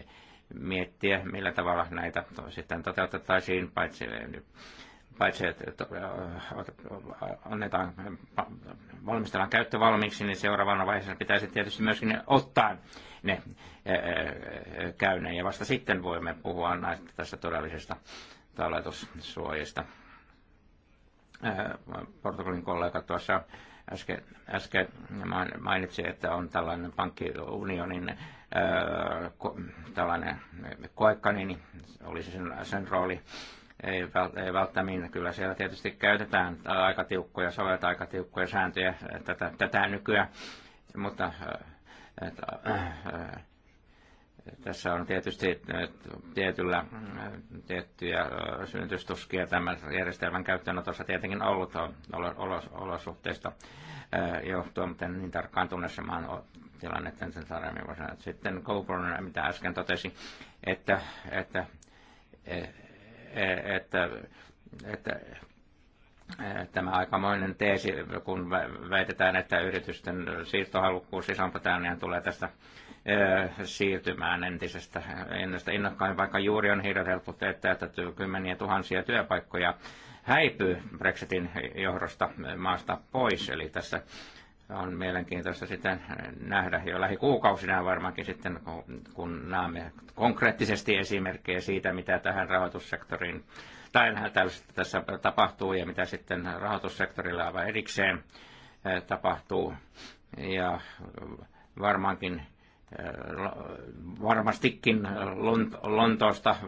miettiä, millä tavalla näitä sitten toteutettaisiin, paitsi paitsi että äh, annetaan, valmistellaan käyttö valmiiksi, niin seuraavana vaiheessa pitäisi tietysti myöskin ottaa ne äh, äh, käyneen. Ja vasta sitten voimme puhua näistä tästä todellisesta talletussuojista. Portugalin kollega tuossa äsken, äsken mainitsi, että on tällainen pankkiunionin tällainen koekka, niin olisi sen, sen rooli ei, ei välttämättä. Niin. Kyllä siellä tietysti käytetään aika tiukkoja, sovelletaan aika tiukkoja sääntöjä eh, tätä, tätä nykyään, mutta eh, et, äh, tässä on tietysti tietyllä, tiettyjä synnytystuskia tämän järjestelmän käyttöönotossa tietenkin ollut olosuhteista johtuen, mutta niin tarkkaan tunnessamaan tilannetta sen tarkemmin. Sitten Coburn, mitä äsken totesi, että, että että, että tämä aikamoinen teesi, kun väitetään, että yritysten siirtohalukkuus iso niin tulee tästä siirtymään entisestä ennestä innokkain, vaikka juuri on helppo että, että kymmeniä tuhansia työpaikkoja häipyy Brexitin johdosta maasta pois. Eli tässä on mielenkiintoista sitten nähdä jo lähikuukausina varmaankin sitten, kun näemme konkreettisesti esimerkkejä siitä, mitä tähän rahoitussektoriin tai tässä tapahtuu ja mitä sitten rahoitussektorilla aivan erikseen eh, tapahtuu. Ja varmaankin eh, varmastikin Lontoosta eh,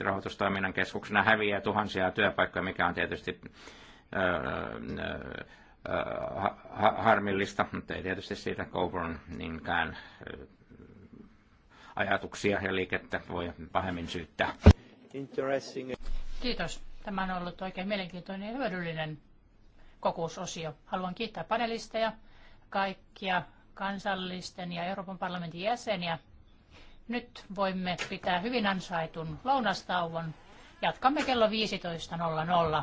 rahoitustoiminnan keskuksena häviää tuhansia työpaikkoja, mikä on tietysti Äh, ha- harmillista, mutta ei tietysti siitä Coburn niinkään äh, ajatuksia ja liikettä voi pahemmin syyttää. Interesting. Kiitos. Tämä on ollut oikein mielenkiintoinen ja hyödyllinen kokousosio. Haluan kiittää panelisteja, kaikkia kansallisten ja Euroopan parlamentin jäseniä. Nyt voimme pitää hyvin ansaitun lounastauon. Jatkamme kello 15.00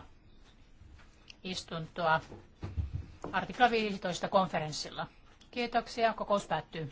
istuntoa artikla 15 konferenssilla. Kiitoksia. Kokous päättyy.